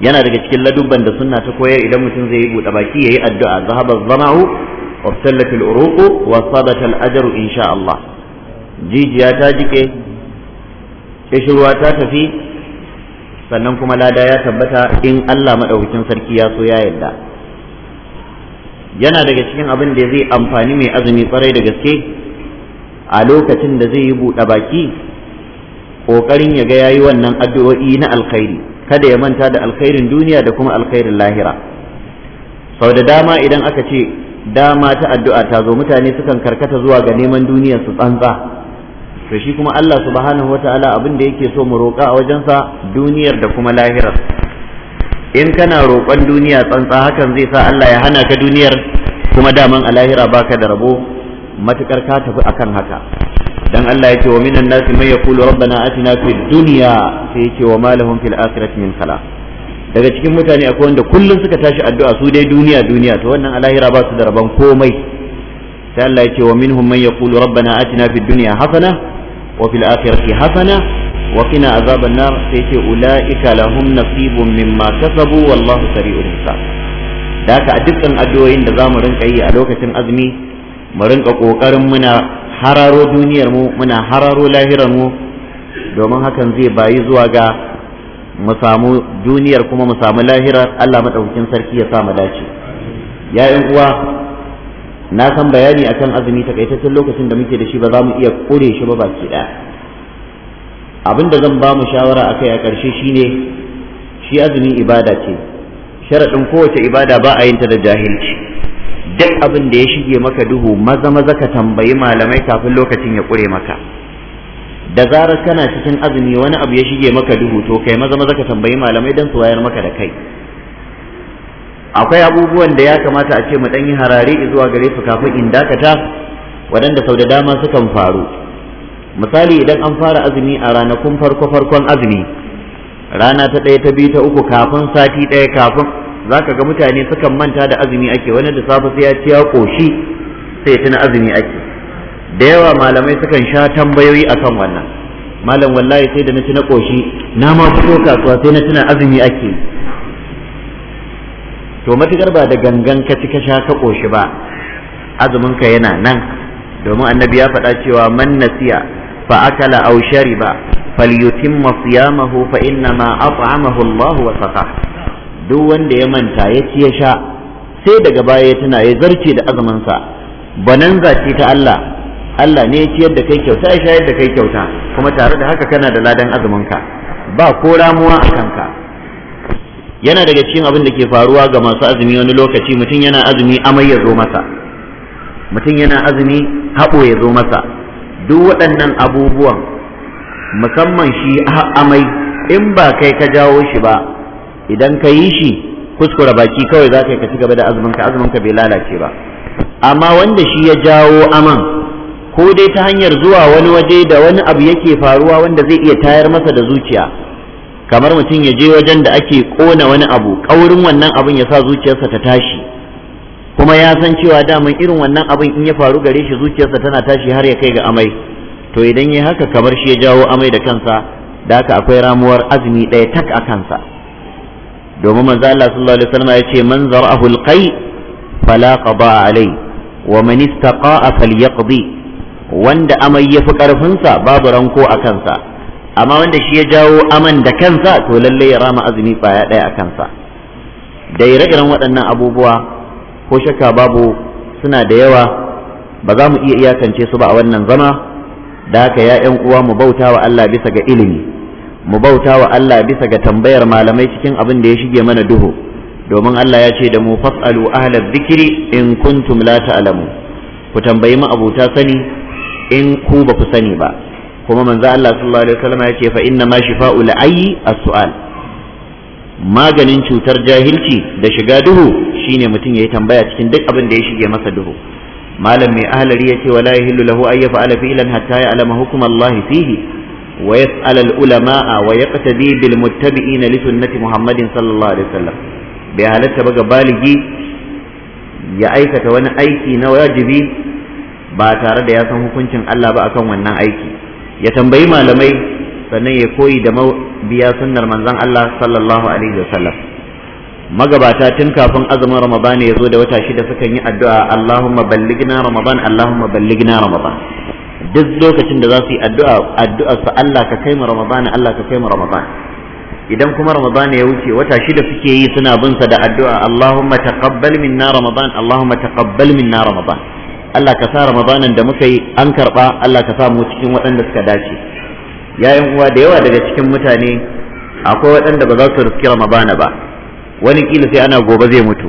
yana daga cikin ladubban da sunna ta koyar idan mutum zai yi buɗe baki ya yi addu'a zahaba zama'u waftallat al-uruq wa sabata al-ajr insha Allah jijiya ta jike kishirwa ta tafi sannan kuma lada ya tabbata in Allah maɗaukakin sarki ya so ya yarda yana daga cikin abin da zai amfani mai azumi kwarai da gaske a lokacin da zai yi buɗe baki ƙoƙarin ya ga ya yi wannan addu'o'i na alkhairi kada ya manta da alkhairin duniya da kuma alkhairin lahira sau da dama idan aka ce dama ta addu'a ta zo mutane sukan karkata zuwa ga neman duniyar su tsantsa to shi kuma Allah subhanahu ala abin da yake so mu roƙa a wajensa duniyar da kuma lahirar in kana roƙon duniya tsantsa hakan zai sa Allah ya hana ka duniyar kuma daman a lahira baka da rabo matukar ka tafi akan haka dan Allah yake wa minan nasi mai yaqulu rabbana atina fid dunya sai yake wa malahum fil akhirati min khala daga cikin mutane akwai wanda kullum suka tashi addu'a su dai duniya duniya to wannan a lahira ba su da rabon komai sai Allah yake wa minhum man yaqulu rabbana atina fid dunya hasana wa fil akhirati hasana وقنا عذاب النار سيتي أولئك لهم نصيب مما كسبوا والله سريع الحساب ذاك أدبتن أدوين دزام رنك أي ألوكة أزمي مرنك قوكر منا hararo duniyar mu muna hararo lahirar mu domin hakan zai bayi zuwa ga mu samu duniyar kuma mu samu lahirar Allah madaukakin sarki ya sa mu dace ya uwa na san bayani akan azumi takaitaccen lokacin da muke da shi ba za mu iya kure shi ba baki ɗaya abin da zan ba mu shawara a kai a ƙarshe shi ne shi azumi ibada ce sharaɗin kowace ibada ba a yin ta da jahilci duk abin da ya shige maka duhu maza maza ka tambayi malamai kafin lokacin ya ƙure maka da zarar kana cikin azumi wani abu ya shige maka duhu to kai maza maza ka tambayi malamai don su wayar maka da kai akwai abubuwan da ya kamata a ce mu ɗan yi harare zuwa gare su kafin in dakata waɗanda sau da dama sukan faru misali idan an fara azumi a ranakun farko farkon azumi rana ta ɗaya ta biyu ta uku kafin sati ɗaya kafin ka ga mutane sukan manta da azumi ake wani da safe sai ya ci ya sai tuna azumi ake da yawa malamai sukan sha tambayoyi akan wannan malam wallahi sai da na ci na na ma fito kasuwa sai na tuna azumi ake to matukar ba da gangan ka ci ka sha ka ƙoshi ba azumin ka yana nan domin annabi ya faɗa cewa man nasiya فأكل أو شرب فليتم صيامه فإنما أطعمه الله وسقاه duk wanda ya manta ya ci ya sha sai daga baya ya tuna ya zarce da azuminsa banan ta Allah Allah ne ya ciyar da kai kyauta ya shayar da kai kyauta kuma tare da haka kana da ladan azuminka ba ko ramuwa a kanka yana daga cikin abin da ke faruwa ga masu azumi wani lokaci mutum yana azumi amai ya zo masa mutum yana azumi haɓo ya zo masa duk waɗannan abubuwan musamman shi amai in ba kai ka jawo shi ba idan ka yi shi kuskura baki kawai za ka yi ka ci gaba da azumin ka bai lalace ba amma wanda shi ya jawo aman ko dai ta hanyar zuwa wani waje da wani abu yake faruwa wanda zai iya tayar masa da zuciya kamar mutum ya je wajen da ake kona wani abu ƙaurin wannan abun ya sa zuciyarsa ta tashi kuma ya san cewa daman irin wannan abin in ya faru gare shi zuciyarsa tana tashi har ya kai ga amai to idan ya haka kamar shi ya jawo amai da kansa da haka akwai ramuwar azumi ɗaya tak a kansa domin manzo Allah sallallahu alaihi wasallam ya ce man zara'ahu alqai fala qada alai wa man istaqa'a falyaqdi wanda amai ya fi karfinsa babu ranko a kansa amma wanda shi ya jawo aman da kansa to lalle ya rama azumi baya ɗaya a kansa da ragaran waɗannan abubuwa ko shakka babu suna da yawa ba za mu iya iyakance su ba a wannan zama da haka ya ‘yan uwa mu bauta wa Allah bisa ga ilimi mu bauta wa Allah bisa ga tambayar malamai cikin abin da ya shige mana duhu domin Allah ya ce da mu fas'alu ahlaz zikiri in kuntum la ta'lamu ku tambayi mu abuta sani in ku ba ku sani ba kuma manzo Allah sallallahu alaihi wasallam ya ce fa inna ma shifa'ul ayyi as-su'al maganin cutar jahilci da shiga duhu shine mutum ya yi tambaya cikin duk abin da ya shige masa duhu malam mai ya yace wala yahillu lahu ay yaf'ala fi'lan hatta ya'lama hukm Allah fihi wa yas'al al-ulama'a wa yaqtadi bil muttabi'ina li sunnati Muhammadin sallallahu alaihi wasallam bai halatta ba ga baligi ya aikata wani aiki na wajibi ba tare da ya san hukuncin Allah ba akan wannan aiki ya tambayi malamai sannan ya koyi da mabiya sunnar manzon Allah sallallahu alaihi wasallam magabata tun kafin azumin ramadan ya zo da wata shida sukan yi addu'a Allahumma ballighna ramadan Allahumma ballighna ramadan duk lokacin da za su yi addu'a addu'a su Allah ka kai mu ramadan Allah ka kai mu ramadan idan kuma ramadan ya wuce wata shida suke yi suna bin sa da addu'a Allahumma taqabbal minna ramadan Allahumma taqabbal minna ramadan Allah ka sa ramadanan da muka yi an karba Allah ka sa mu cikin waɗanda suka dace yayin uwa da yawa daga cikin mutane akwai waɗanda ba za su riski ramadana ba wani kila sai ana gobe zai mutu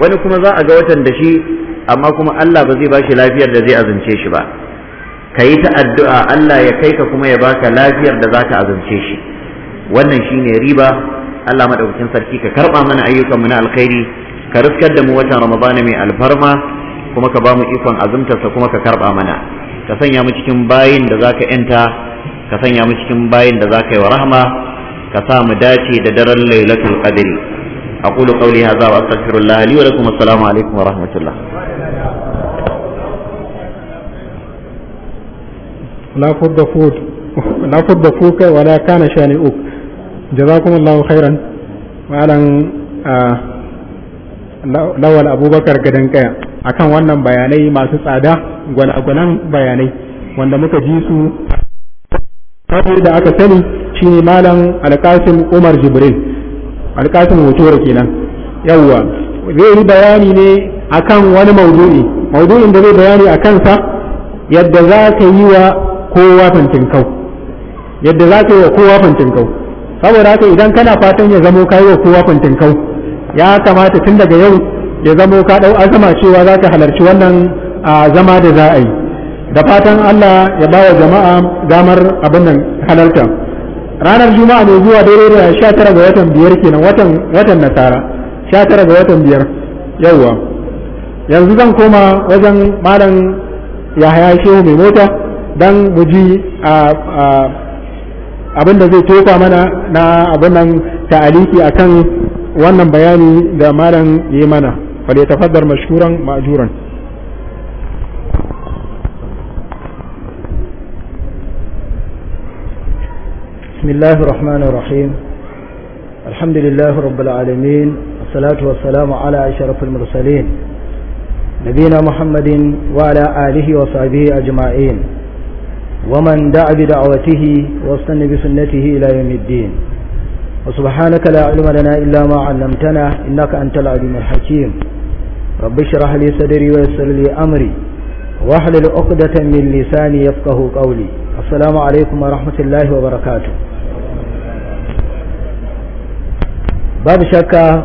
wani kuma za a ga watan da shi amma kuma Allah ba zai ba shi lafiyar da zai azumce shi ba ka yi ta addu'a Allah ya kai ka kuma ya baka lafiyar da za ka azumce shi wannan shi ne riba Allah madaukakin sarki ka karɓa mana ayyukan mu na alkhairi ka riskar da mu watan ramadana mai alfarma kuma ka ba mu ikon azumtarsa kuma ka karɓa mana ka sanya mu cikin bayin da za ka 'yanta ka sanya mu cikin bayin da zaka yi wa rahama ka sa mu dace da daren lailatul qadr aqulu qawli hadha wa astaghfirullah li wa lakum assalamu alaikum wa rahmatullah لا da فوت لا فد فوك ولا كان شانئك جزاكم الله خيرا وعلى lawal abubakar gadon kaya akan wannan bayanai masu tsada gwanagwanan bayanai wanda muka ji su kawai da aka sani shi ne malam alkasim umar jibril alkasim hotora kenan yawwa zai yi bayani ne akan wani maudu'i maudu'in da zai bayani a kansa yadda za ka yi wa kowa fantin kau, yadda za ka yi wa kowa fantin kau? saboda haka idan kana fatan ya zamo ka yi wa kowa fantin kau, ya kamata tun daga yau ya zamo ka ɗau azama cewa za ka halarci wannan zama da za a yi da fatan Allah ya ba wa jama'a damar abin nan halarta ranar juma'a ne zuwa daidai da 19 ga watan biyar kenan watan watan nasara 19 ga watan biyar yauwa yanzu zan koma wajen malam yahaya shehu mai mota dan mu ji abin da zai toka mana na abin nan ta'aliki akan wannan bayani da malam yi mana fa tafaddar mashkuran ma'juran بسم الله الرحمن الرحيم الحمد لله رب العالمين والصلاة والسلام على أشرف المرسلين نبينا محمد وعلى آله وصحبه أجمعين ومن دعا بدعوته واستنى بسنته إلى يوم الدين وسبحانك لا علم لنا إلا ما علمتنا إنك أنت العليم الحكيم رب اشرح لي صدري ويسر لي أمري واحلل عقدة من لساني يفقه قولي السلام عليكم ورحمة الله وبركاته babu shakka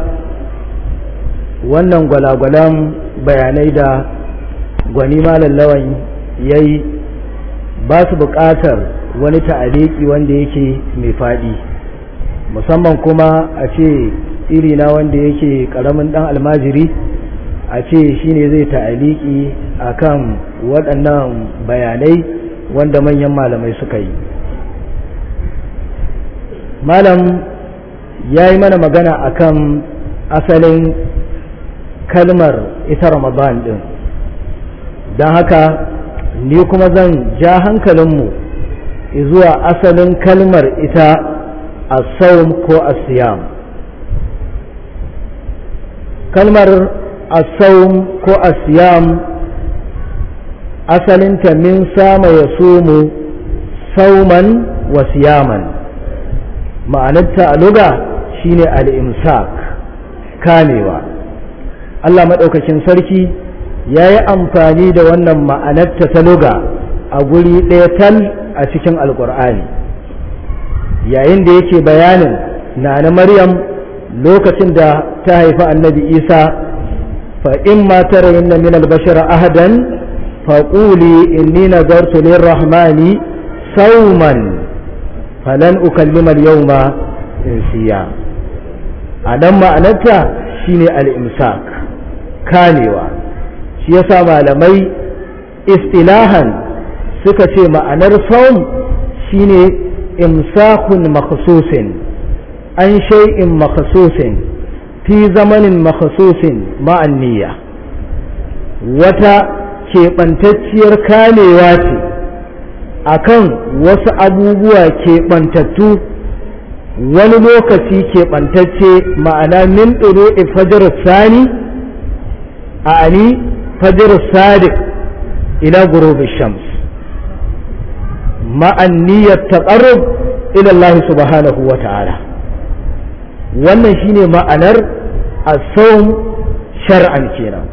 wannan gwalagwalan bayanai da gwani malam lawan ya yi ba su buƙatar wani ta'aliki wanda yake mai faɗi musamman kuma a ce iri na wanda yake ƙaramin ɗan almajiri a ce shine zai ta'aliki kan waɗannan bayanai wanda manyan malamai suka yi malam ya yi mana magana a kan asalin kalmar ita ramadan din don haka ni kuma zan ja hankalinmu zuwa asalin kalmar ita a saum ko a siyam kalmar a saum ko a siyam asalinta min sama ya sumu sauman wa siyaman ma'anarta a luga shine al kamewa Allah madaukakin sarki ya yi amfani da wannan ma'anar ta taluga a guri ɗaya tal a cikin alkur'ani yayin da yake bayanin na na maryam lokacin da ta haifi annabi isa fa in ma tarayinna min albashara ahadan fa quli inni nadartu rahmani sawman falan ukallima in siya. a nan ma'anarta shine al-imsak kanewa shi yasa malamai istilahan suka ce ma'anar saum shine imsakun makhsusin an shay'in makhsusin fi zamanin makhsusin ma'anniya Wata wata keɓantacciyar kanewa ce akan wasu abubuwa keɓantattu wani lokaci keɓantacce ma'ana min ɗuro fajar sani a ani fajar sadiq ila gurubin shams ma'an niyyar ila Allah subhanahu wa ta'ala wannan shine ma'anar asawun shar'an kenan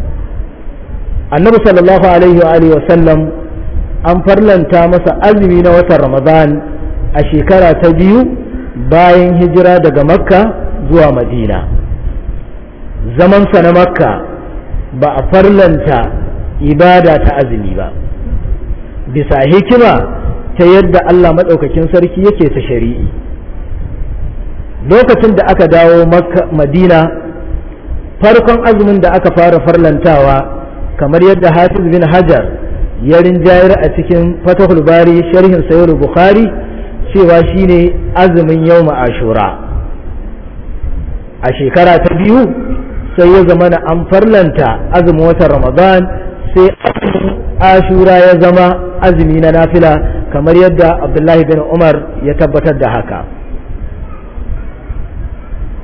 annabi sallallahu alaihi wa alihi sallam an farlanta masa azumi na watan ramadan a shekara ta biyu bayan hijira daga makka zuwa madina zamansa na makka ba a farlanta ibada ta azumi ba bisa hikima ta yadda allah maɗaukakin sarki yake ta shari'i lokacin da aka dawo madina farkon azumin da aka fara farlantawa kamar yadda hafiz bin hajar ya rinjayar a cikin fatahul bari sharhin sayar bukhari cewa shine azumin yau ashura a shekara ta biyu sai ya zama na an farlanta azumin watan ramadan sai ashura ya zama azumi na nafila kamar yadda abdullahi bin umar ya tabbatar da haka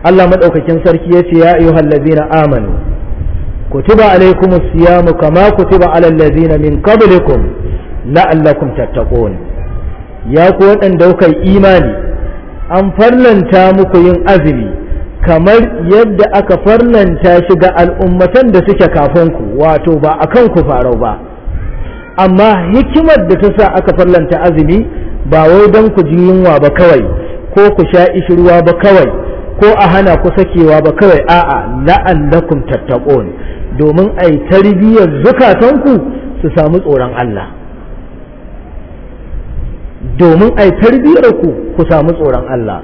Allah maɗaukakin sarki ya ce ya ayyuhal na amanu kutiba alaikumus siyamu kama kutiba alal na min qablikum la'allakum tattaqun ya ku waɗanda kuka yi imani an farlanta muku yin azumi kamar yadda aka farlanta shi ga al'ummatan da suke kafin ku wato ba a kan ku farau ba amma hikimar da ta sa aka farlanta azumi ba wai don ku ji yunwa ba kawai ko ku sha ishirwa ba kawai ko a hana ku sakewa ba kawai a'a la'allakum tattaqun domin ai tarbiyyar zukatanku su samu tsoron Allah domin ai tarbiyar ku ku samu tsoron Allah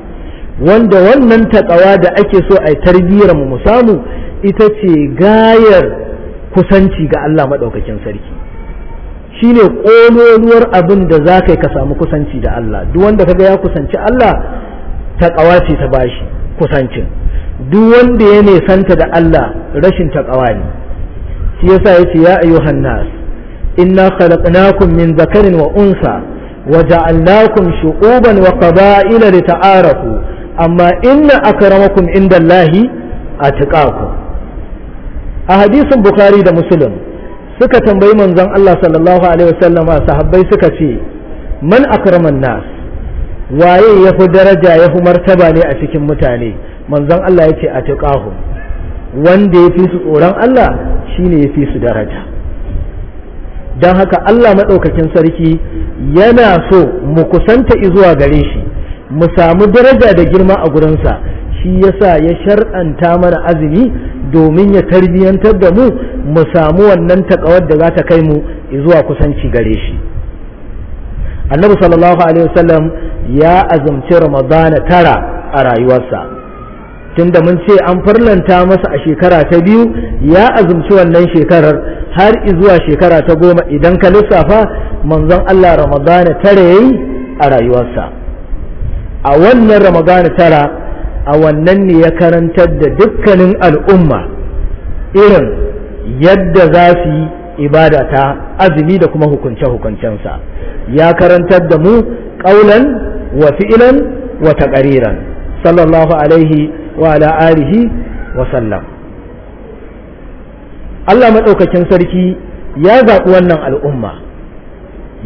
wanda wannan taƙawa da ake so ai tarbiyar mu mu samu ita ce gayar kusanci ga Allah maɗaukakin sarki shine ƙololuwar abin da za ka ka samu kusanci da Allah duk wanda ga ya kusanci Allah taƙawa ce ta bashi kusancin duk wanda ya nesanta da Allah rashin taƙawa ne shi yasa yace ya ayyuhan nas inna khalaqnakum min zakarin wa unsa وجعلناكم شعوبا وقبائل لتعارفوا أما إن أكرمكم عند الله A hadisin Bukhari da مسلم suka tambayi manzon Allah sallallahu alaihi wasallam suka ce man akraman nas waye yafi daraja ya yafi martaba ne a cikin mutane manzon Allah yace a wanda yafi su tsoron Allah shi shine yafi su daraja don haka Allah maɗaukakin sarki yana so mu kusanta zuwa gare shi mu samu daraja da girma a gurinsa shi yasa ya shar'anta mana azumi domin ya tarbiyyantar da mu mu samu wannan takawar da za ta kai mu zuwa kusanci gare shi annabi sallallahu alaihi wasallam ya azumci ramadana tara a rayuwarsa tunda mun ce an farlanta masa a shekara ta biyu ya azumci wannan shekarar har zuwa shekara ta goma idan ka lissafa manzon Allah ramadana tara yayi a rayuwarsa a wannan ramadana tara a wannan ne ya karantar da dukkanin al'umma irin yadda za su yi ibada ta azumi da kuma hukunce-hukuncensa ya karantar da mu ƙaunan wa fi'ilan wa taƙariran sallallahu alaihi وعلى آله وسلم Allah maɗaukakin sarki ya zaɓi wannan al'umma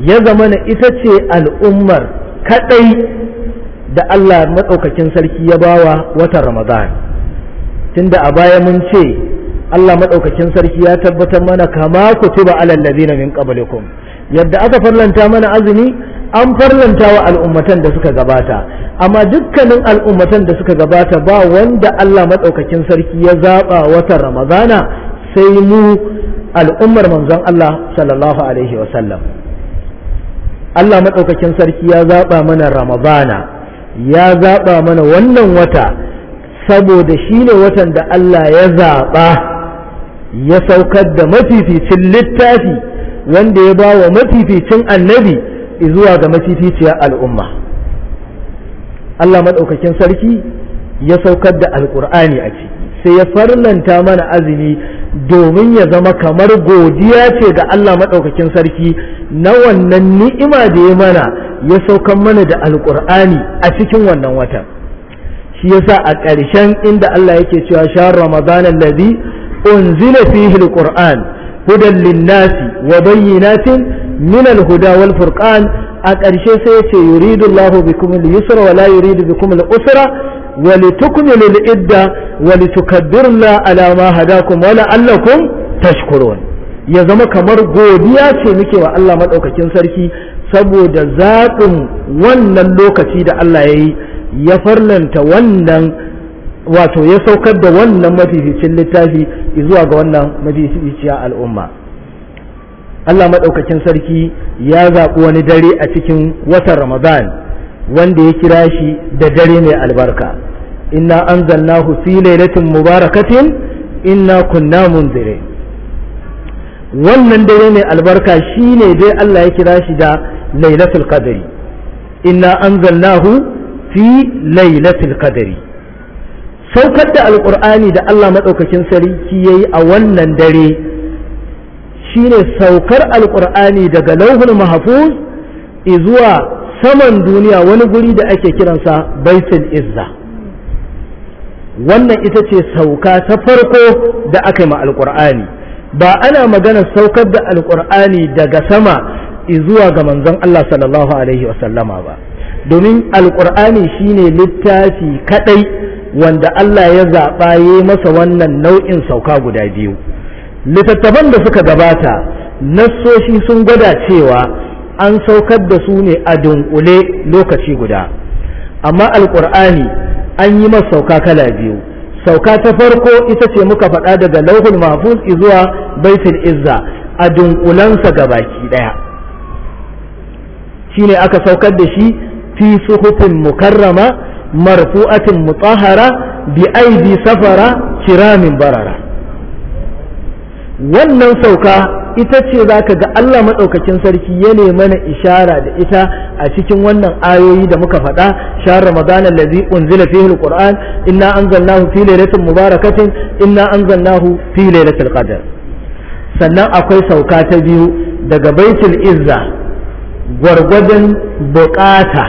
ya zamana ita ce al'ummar kaɗai da Allah maɗaukakin sarki ya bawa watan Ramadan tunda a baya mun ce Allah maɗaukakin sarki ya tabbatar mana kama ku ci ba alal min qablikum yadda aka farlanta mana azumi an farlanta wa al'ummatan da suka gabata amma dukkanin al'ummatan da suka gabata ba wanda Allah maɗaukakin sarki ya zaɓa wata ramadana sai mu al'ummar manzon Allah sallallahu alaihi wasallam Allah maɗaukakin sarki ya zaɓa mana ramadana ya zaɓa mana wannan wata saboda shi ne watan da Allah ya zaɓa ya saukar da mafificin littafi wanda ya ba wa mafificin annabi zuwa ga mafificiyar al'umma Allah maɗaukakin sarki ya saukar da alƙur'ani a ciki sai ya farlanta mana azumi domin ya zama kamar godiya ce ga Allah maɗaukakin sarki na wannan ni'ima da ya mana ya saukar mana da alƙur'ani a cikin wannan watan shi yasa a ƙarshen inda Allah yake cewa sha ramadan allazi unzila fihi alqur'an hudan linnasi wa bayyinatin min al-huda a ƙarshe sai ya ce yuridu Allahu bikum al-yusra wa la yuridu bikum al-usra wa litukmilu al-idda wa litukabbirullaha ala ma hadakum wa la'allakum ya zama kamar godiya ce muke wa Allah madaukakin sarki saboda zaɓin wannan lokaci da Allah ya yi ya farlanta wannan wato ya saukar da wannan mafificin littafi zuwa ga wannan a al'umma Allah maɗaukakin sarki ya zaɓi wani dare a cikin watan Ramadan wanda ya kira shi da dare mai albarka inna anzalnahu fi lailatin mubarakatin inna kunna munzire wannan dare mai albarka shine dai Allah ya kira shi da lailatul qadri inna anzalnahu fi lailatul qadri saukar da Alƙur'ani da Allah maɗaukakin sarki yayi a wannan dare shine saukar alkur'ani daga lauhul mahfuz zuwa saman duniya wani guri da ake kiransa baitul izza wannan ita ce sauka ta farko da aka yi ma alkur'ani ba ana magana saukar da alkur'ani daga sama izuwa ga manzon Allah sallallahu alaihi wasallama ba domin alkur'ani shine littafi kadai wanda Allah ya zaɓa ya masa wannan nau'in sauka guda biyu littattafan da suka gabata nassoshi sun gwada cewa an saukar da su ne a dunkule lokaci guda amma alkur'ani an yi masa sauka kala biyu sauka ta farko ita ce muka faɗa daga lauhul mahfuz zuwa baitul izza a dunkulansa baki ɗaya shine aka saukar da shi fi suhufin mukarrama marfu'atin mutahara bi aidi safara kiramin barara wannan sauka ita ce za ka ga Allah maɗaukakin sarki ya ne mana ishara da ita a cikin wannan ayoyi da muka faɗa shahar ramadan allazi unzila fihi alquran inna anzalnahu fi lailatin mubarakatin inna anzalnahu fi lailatul qadr sannan akwai sauka ta biyu daga baitul izza gwargwadon bukata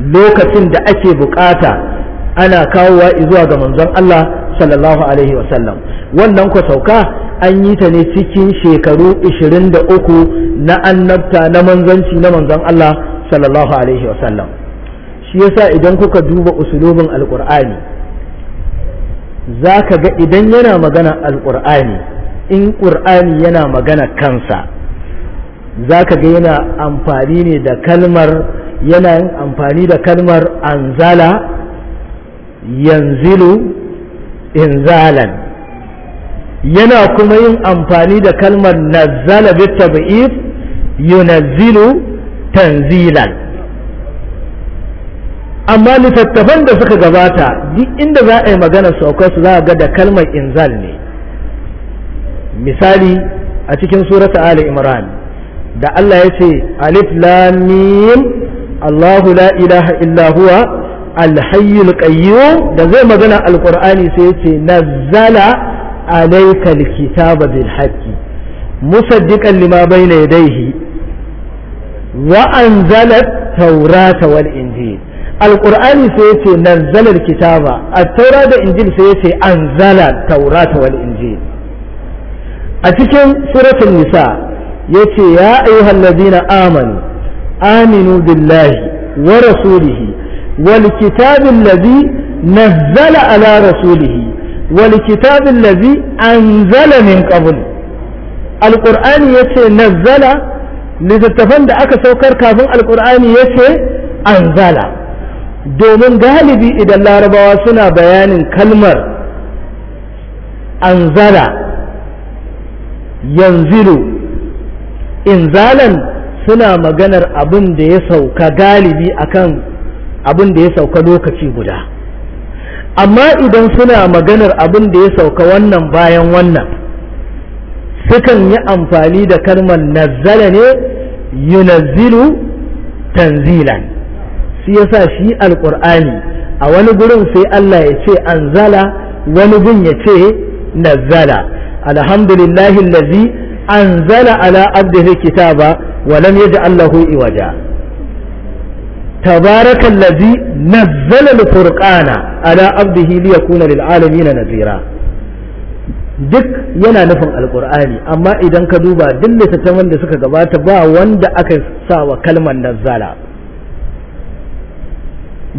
lokacin da ake bukata ana kawowa zuwa ga manzon Allah sallallahu alaihi wannan ka sauka an yi ta ne cikin shekaru 23 na annabta na manzanci na manzan Allah sallallahu alaihi wasallam shi yasa idan kuka duba usulubin alkur'ani za ka ga idan yana magana alkur'ani in ƙur'ani yana magana kansa za ka ga yana amfani ne da kalmar yana yin amfani da kalmar anzala yanzilu inzalan yana kuma yin amfani da kalmar nazzala bi yunazzilu tanzilan amma littattafan da suka gabata duk inda za a yi magana su akwai su za a ga da kalmar inzal ne misali a cikin surata ali imran da Allah ya ce alif lam Allahu la ilaha illa huwa al qayyum da zai magana alqur'ani sai ya ce nazzala عليك الكتاب بالحق مصدقا لما بين يديه وأنزل التوراة والإنجيل القرآن سيتي نزل الكتاب التوراة والإنجيل سيتي أنزل التوراة والإنجيل أتكن سورة النساء يتي يا أيها الذين آمنوا آمنوا بالله ورسوله والكتاب الذي نزل على رسوله والكتاب الذي أنزل من قبل القرآن يتي نزل لتتفن دا أكا سوكر كافن القرآن يتي أنزل domin galibi idan larabawa suna bayanin kalmar anzala yanzilu inzalan suna maganar abin da ya sauka galibi akan abin da ya sauka lokaci guda amma idan suna maganar abin da ya sauka wannan bayan wannan sukan yi amfani da kalmar nazzala ne yunazzilu tanzilan shi yasa shi alqur'ani a wani gurin sai Allah ya ce anzala wani gun ya ce nazzala alhamdulillahi allazi anzala ala abdihi kitaba wa lam yaj'al lahu iwaja تبارك الذي نزل الفرقان على عبده ليكون للعالمين نذيرا duk yana nufin alkur'ani amma idan ka duba duk littattafan wanda suka gabata ba wanda aka sa wa kalmar nazzala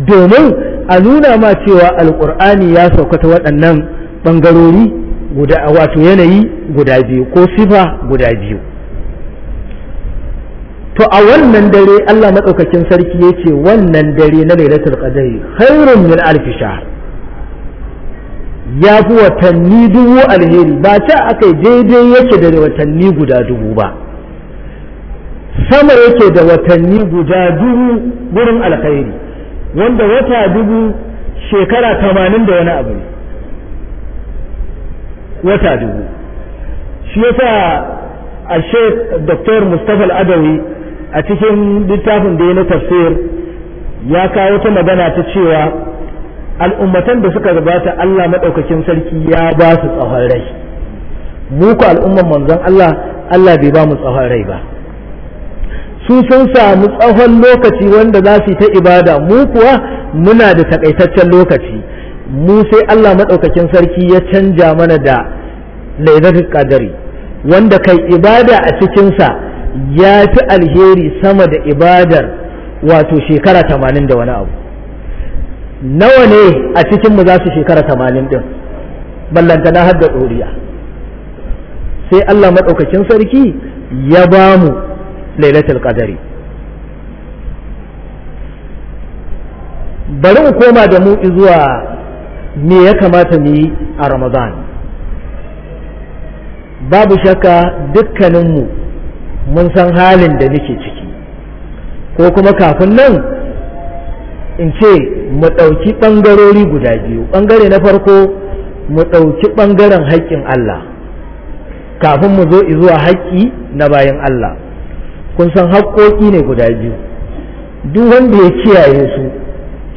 domin a nuna ma cewa alkur'ani ya sauka ta waɗannan ɓangarori wato yanayi guda biyu ko sifa guda biyu to a wannan dare Allah maɗaukakin sarki ya ce wannan dare na lailatul qadari khairun min alf shahr ya fi watanni dubu alheri ba ta aka daidai yake da watanni guda dubu ba sama yake da watanni guda dubu gurin alkhairi wanda wata dubu shekara tamanin da wani abu wata dubu shi yasa a shek dr mustapha al'adawi a cikin littafin da ya na tafsir ya kawo ta magana ta cewa al'ummatan da suka gabata Allah maɗaukakin sarki ya ba su tsawon rai mu ku al'umman manzon Allah Allah bai ba mu tsawon rai ba su sun samu tsawon lokaci wanda za su yi ta ibada mu kuwa muna da takaitaccen lokaci mu sai Allah maɗaukakin sarki ya canja mana da lailatul qadari wanda kai ibada a cikinsa ya fi alheri sama da ibadar wato shekara tamanin da wani abu nawa ne a cikinmu za su shekara tamanin din? ballanta na hadda ɗoriya sai Allah maɗaukakin sarki ya ba mu lailatul qadari bari mu koma da mu zuwa me ya kamata mu yi a ramadan babu shakka dukkaninmu mun san halin da nake ciki ko kuma kafin nan in ce mu ɗauki ɓangarori guda biyu ɓangare na farko mu ɗauki ɓangaren haƙƙin Allah kafin mu zo zuwa haƙƙi na bayan Allah kun san haƙƙoƙi ne guda biyu duk wanda ya kiyaye su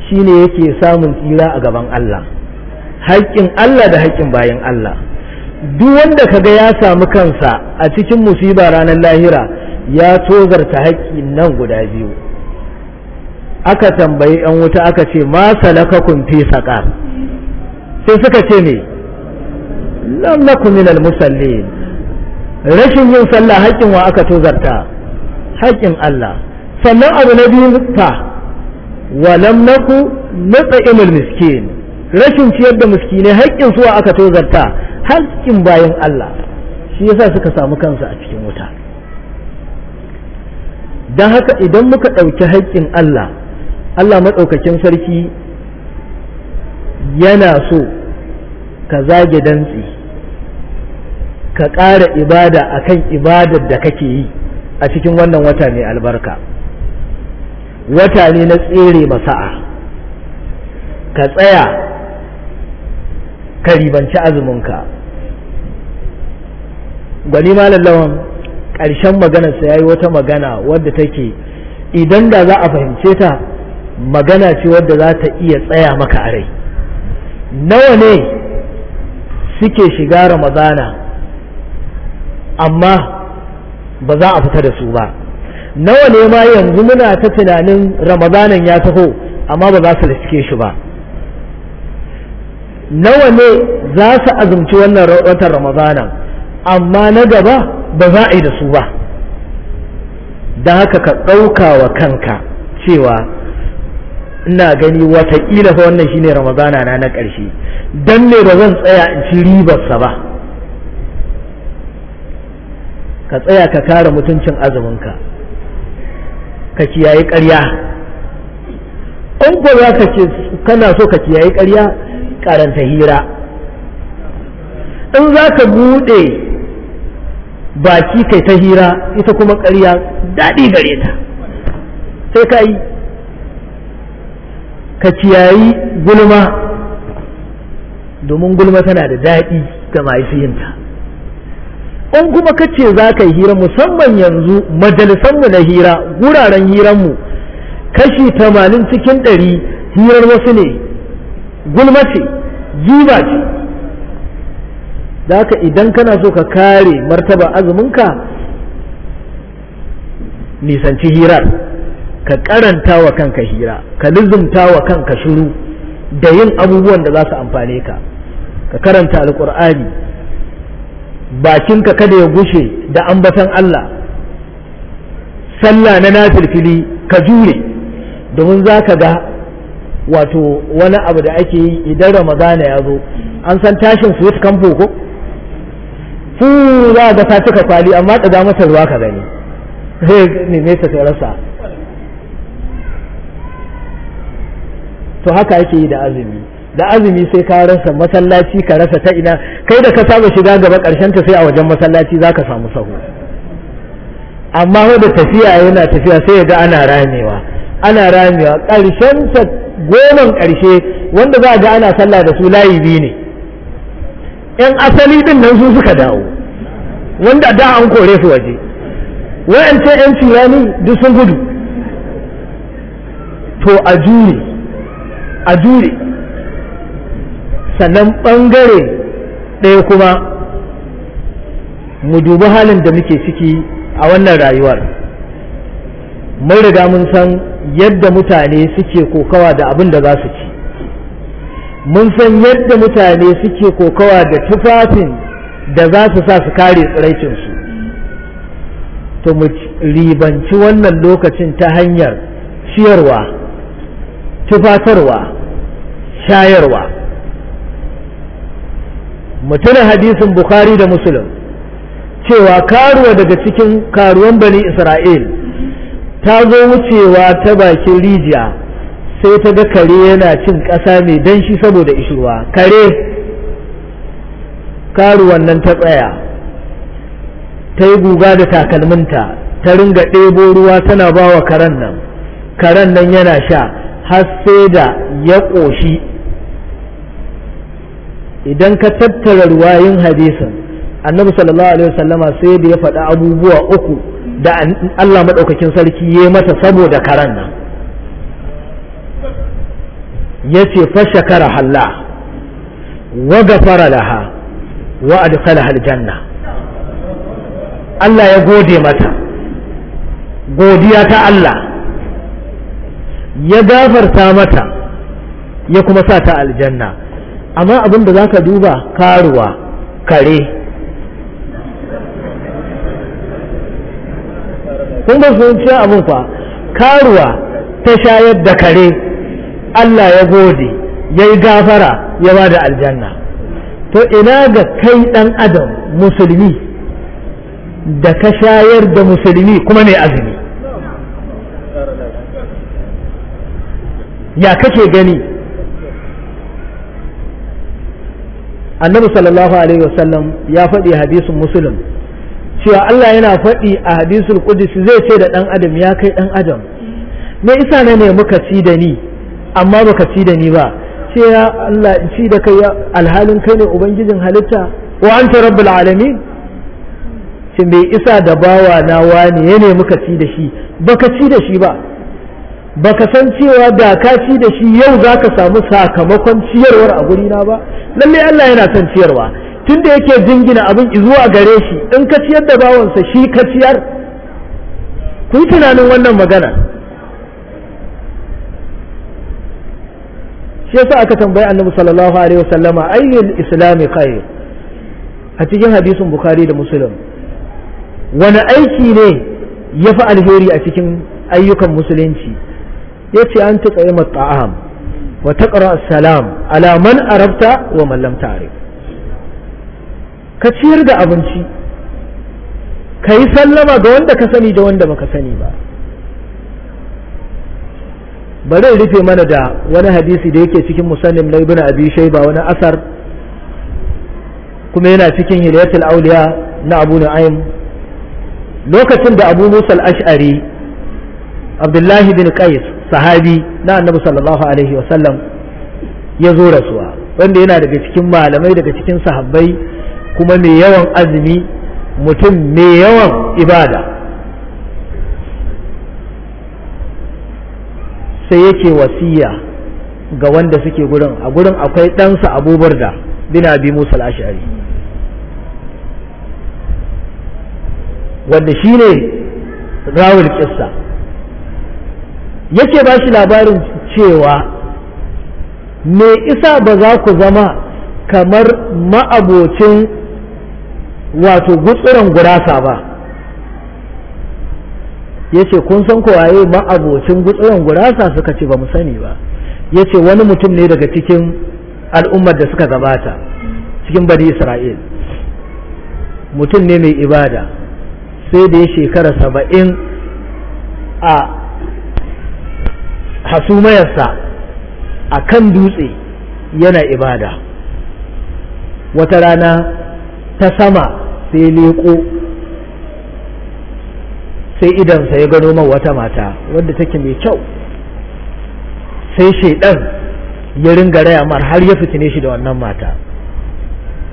shine yake samun tsira a gaban Allah haƙƙin Allah da haƙƙin bayan Allah duk wanda kaga ya samu kansa a cikin musiba ranar lahira ya tozarta haƙƙi nan guda biyu aka tambayi yan wuta aka ce ma salaka kun fi saƙar. sai suka ce ne lam nakum minal musallin rashin yin sallah haƙƙin wa aka tozarta haƙƙin Allah sannan abu na biyu fa wa naku nut'imul miskin rashin ciyar da miskinai haƙƙin suwa aka tozarta har cikin bayan Allah shi yasa suka samu kansu a cikin wuta don haka idan muka ɗauki haƙƙin Allah Allah maɗaukakin sarki yana so ka zage dantsi ka ƙara ibada akan ibadar da kake yi a cikin wannan wata mai albarka wata ne na tsere masa'a ka tsaya ka ribanci azuminka gwani malallawan ƙarshen maganarsa ya yi wata magana wadda take idan da za a fahimce ta magana ce wadda za ta iya tsaya maka a rai nawa ne suke shiga ramazana amma ba za a fita da su ba nawa ne ma yanzu muna ta tunanin ramazanan ya taho amma ba za su riske shi ba nawa ne za su azumci wannan watan ramadana amma na gaba ba za a yi da su ba da haka ka ɗauka wa kanka cewa ina gani wataƙila fa wannan shine ramadana na na ƙarshe don me ba zan tsaya in ci ribarsa ba ka tsaya ka kare mutuncin azuminka ka kiyaye ƙarya ko za ka ce kana so ka kiyaye ƙarya karanta hira in za ka buɗe baki kai ta hira ita kuma ƙarya daɗi gare ta sai ka yi ka ciyayi gulma domin gulma tana da daɗi ga mahaifiyinta in kuma ka ce za ka yi hira musamman yanzu majalisanmu na hira wuraren hiranmu kashi tamanin cikin ɗari hirar wasu ne gulma ce giba ce da haka idan kana so ka kare martaba azuminka nisanci hira ka karanta wa kanka hira ka lizumta wa kanka shiru da yin abubuwan da za su amfane ka ka karanta alkur'ani bakinka kada ya gushe da ambatan Allah sallah na nafilfili ka jure domin za ka ga wato wani abu da ake yi idan ramadana ya zo an san tashin swiss kan ko fu za ga ta cika kwali amma ɗaga masa ruwa ka gani zai neme ta rasa to haka ake yi da azumi da azumi sai ka rasa masallaci ka rasa ta ina kai da ka saba shiga gaba karshen ta sai a wajen masallaci za ka samu sahu amma da tafiya yana tafiya sai ya ga ana ramewa ana ramewa ƙarshen ta goman ƙarshe wanda za a ga ana sallah da su layi biyu ne ‘yan asali ɗin nan su suka dawo wanda da an kore su waje wa'ancan ‘yan cirani duk sun gudu to a jure a jure sannan ɓangare ɗaya kuma mu dubi halin da muke ciki a wannan rayuwar mun riga mun san yadda mutane suke kokawa da abin da za su ci mun san yadda mutane suke kokawa da tufafin da za su sa su kare tsiraicinsu to mu ribanci wannan lokacin ta hanyar ciyarwa tufatarwa shayarwa mutumin hadisin bukhari da muslim cewa karuwa daga cikin karuwan bani isra'il ta zo wucewa ta bakin rijiya sai ta ga kare yana cin ƙasa mai danshi saboda ishirwa kare karu nan ta tsaya ta yi guga da takalminta ta ringa ɗebo ruwa tana ba wa karen nan karen nan yana sha har sai da ya ƙoshi idan ka tattara ruwayin hadisin annabi sallallahu alaihi wasallama sai da ya faɗi abubuwa uku da Allah maɗaukakin sarki ya mata saboda karan nan ya ce fashakara halla wa gafara laha wa adkhala aljanna Allah ya gode mata godiya ta Allah ya gafarta mata ya kuma sa ta aljanna amma abin da zaka duba karuwa kare kun ba su cewa abin fa karuwa ta shayar da kare Allah ya gode ya yi gafara ya ba da aljanna to ina ga kai dan adam musulmi da ka shayar da musulmi kuma ne azumi ya kake gani annabi sallallahu alaihi wasallam ya faɗi hadisin musulun cewa Allah yana faɗi a hadisul qudsi zai ce da ɗan adam ya kai ɗan adam me isa ne ne muka ci da ni amma baka ci da ni ba ce ya Allah ci da kai alhalin kai ne ubangijin halitta wa anta rabbul alamin shin bai isa da bawa na wani ne muka ci da shi baka ci da shi ba baka san cewa da ka ci da shi yau zaka samu sakamakon ciyarwar a gurina ba lalle Allah yana son ciyarwa tun da yake jingina abin zuwa gare shi in ka ciyar da bawansa shi ka ciyar ku yi tunanin wannan magana shi yasa aka tambayi annabi sallallahu alaihi wasallama ayyul islami a cikin hadisin bukhari da muslim wani aiki ne ya fi alheri a cikin ayyukan musulunci ya ce an tuƙa yi ta'am wa taqra salam ala man arabta wa man lam ta'rif ka ciyar da abinci ka yi sallama ga wanda ka sani da wanda baka sani ba bari in rufe mana da wani hadisi da yake cikin musannim na ibn abi shayba wani asar kuma yana cikin hidayatul auliya na abu nu'aym lokacin da abu musa al-ash'ari abdullahi bin qais sahabi na annabi sallallahu alaihi ya zo rasuwa wanda yana daga cikin malamai daga cikin sahabbai kuma mai yawan azumi mutum mai yawan ibada sai yake wasiya ga wanda suke gurin a gurin akwai ɗansa abubar da ina bi musa al'ashari wanda shine ne rawul kissa yake ba shi labarin cewa me isa ba za ku zama kamar ma'abocin wato gutsuran gurasa ba yace kun san kowaye ma'abocin gutsuran gurasa suka ce ba mu sani ba yace wani mutum ne daga cikin al'ummar da suka gabata cikin bani isra'il mutum ne mai ibada sai da ya shekara saba'in a hasumayarsa a kan dutse yana ibada wata rana ta sama sai leko sai idansa ya gano man wata mata wadda take mai kyau sai shaidan ya ringa raya mar har ya fitine shi da wannan mata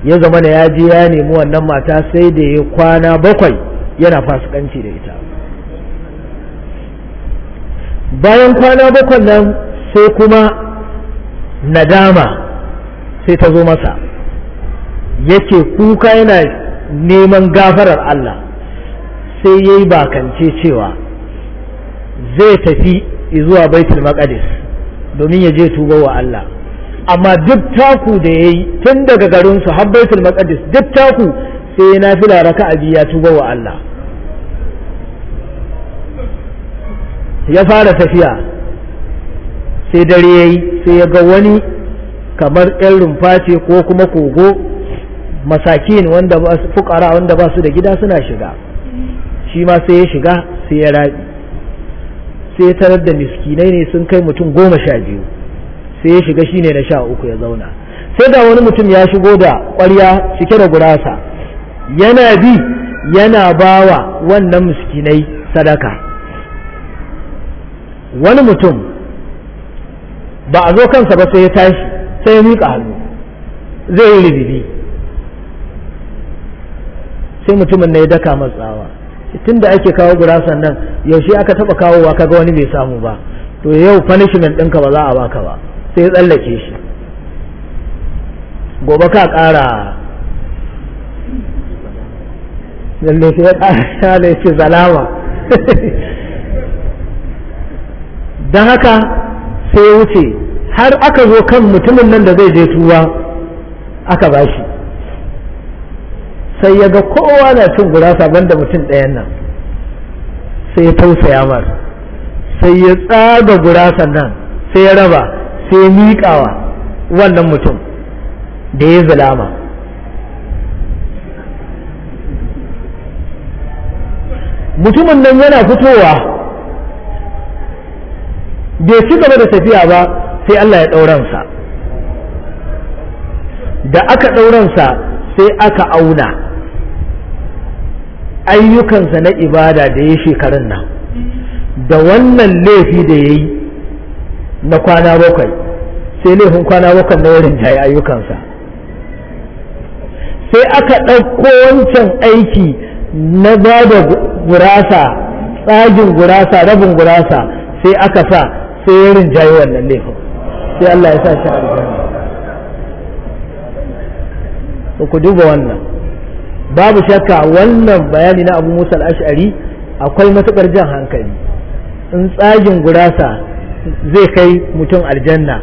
ya zama da ya je ya nemi wannan mata sai da ya kwana bakwai yana fasikanci da ita bayan kwana bakwai nan sai kuma nadama sai ta zo masa yake kuka yana neman gafarar Allah sai ya yi bakance cewa zai tafi zuwa baitul maqdis domin ya je tuba wa Allah amma duk taku da ya yi tun daga garinsu har baitul maqdis duk taku sai ya nafila raka'a biya tuba wa Allah ya fara tafiya sai dare yayi sai ya ga wani kamar ɗan rumfa ce ko kuma kogo masakin wanda ba su fukara wanda ba su da gida suna shiga shi ma sai ya shiga sai ya rabi sai ya tarar da miskinai ne sun kai mutum goma sha biyu sai ya shiga shine na sha uku ya zauna sai da wani mutum ya shigo da kwarya cike da gurasa yana bi yana bawa wannan miskinai sadaka wani mutum ba a zo kansa ba sai ya tashi sai ya miƙa hannu zai yi ribibi sai mutumin na ya daka matsawa tun da ake kawo gurasan nan yaushe aka taba kawowa kaga wani bai samu ba to yau punishment ɗinka ba za a baka ba sai ya tsallake shi gobe ka ƙara lalle sai ya ƙara [LAUGHS] ya ce zalama don haka sai wuce har aka zo kan mutumin nan da zai je tuwa aka bashi sai ya ga kowa na cin gurasa banda mutum ɗayan nan sai ya tausaya mar sai ya tsaga gurasan nan sai ya raba sai ya miƙawa wannan mutum da ya zulama mutumin nan yana fitowa bai ci gaba da tafiya ba sai Allah ya ɗauransa da aka ɗauransa sai aka auna ayyukansa na ibada da ya shekarun nan da wannan laifi da ya yi na kwana bakwai sai laifin kwana bakwai na wurin jayi ayyukansa sai aka ɗauko wancan aiki na ba da gurasa tsagin gurasa rabin gurasa sai aka sa sai wurin jayi wannan laifin sai Allah ya sa shi a ku duba wannan babu shakka wannan bayani na abu musa al'ashari akwai matuƙar jan hankali in tsagin gurasa zai kai mutum aljanna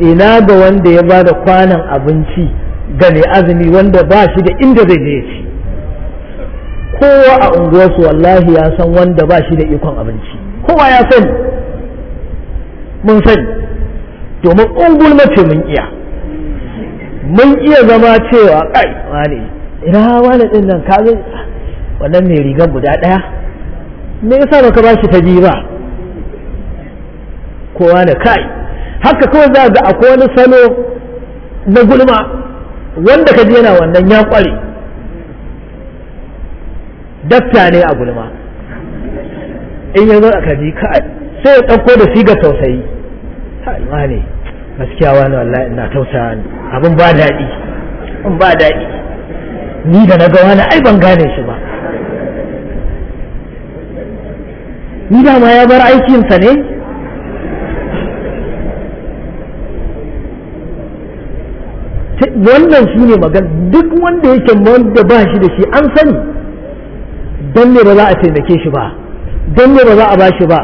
ina ga wanda ya ba da kwanan abinci ga mai azumi wanda ba shi da inda zai je ci kowa a unguwarsu wallahi ya san wanda ba shi da ikon abinci kowa ya sani mun sani domin ungul mace mun iya mun iya zama cewa kai wani ina wani din nan ka wannan mai rigar guda ɗaya me yasa baka ba shi ta biyu ba kowa da kai haka kawai za ga akwai wani salo na gulma wanda ka ji yana wannan ya kware dafta ne a gulma in yanzu a ji kai sai ya ɗauko da ga tausayi ha ne gaskiya wani wallahi ina tausayi. abin ba daɗi Abin ba daɗi ni da na ga wani ai ban gane shi ba ni da ma ya bar aikinsa ne wannan shi ne magana duk wanda yake wanda ba shi da shi an sani don ne ba za a taimake shi ba don ne ba za a ba shi ba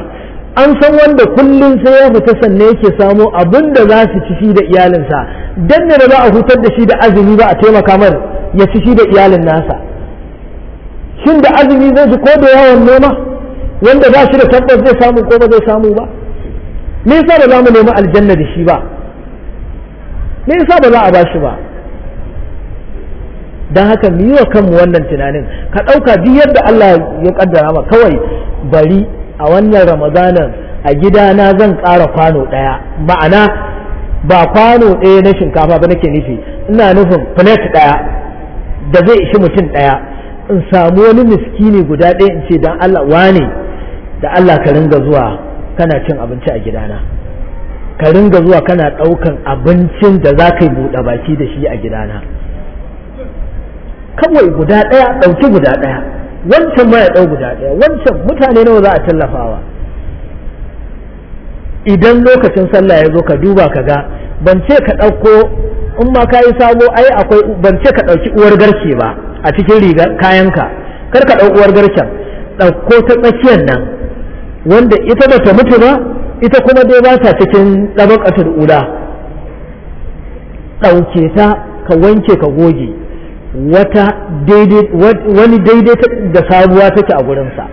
an san wanda kullum sai ya fita sanne yake samo abin da za su ci shi da iyalinsa dan da za a hutar da shi da azumi ba a taimaka mar ya ci shi da iyalin nasa shin da azumi zai ji ko da yawan noma wanda ba shi da tabbas zai samu ko ba zai samu ba me yasa ba za mu nemi aljanna da shi ba me yasa ba za a ba shi ba don haka mu yi wa kanmu wannan tunanin ka ɗauka duk yadda Allah ya kaddara ma kawai bari a wannan ramadanan a gidana zan ƙara kwano ɗaya ma'ana ba kwano ɗaya na shinkafa ba nake nufi ina nufin plate ɗaya da zai ishi mutum ɗaya in samu wani miskini guda ɗaya in ce don Allah wane da Allah ka ringa zuwa kana cin abinci a gidana ka ringa zuwa kana ɗaukan abincin da za ka yi buɗe baki da shi a gidana kawai guda ɗaya ɗauki guda ɗaya wancan ma ya ɗau guda ɗaya wancan mutane nawa za a tallafawa idan lokacin sallah ya zo ka duba ka ga ban ce ka ɗauko in ma ka yi sabo ai akwai ban ce ka ɗauki uwar garke ba a cikin riga ka kar ka ɗau uwar garken ɗauko ta tsakiyar nan wanda ita ba ta mutu ba ita kuma dai ba ta cikin ɗabakatul ula ɗauke ta ka wanke ka goge wata wani daidai da sabuwa take a gurinsa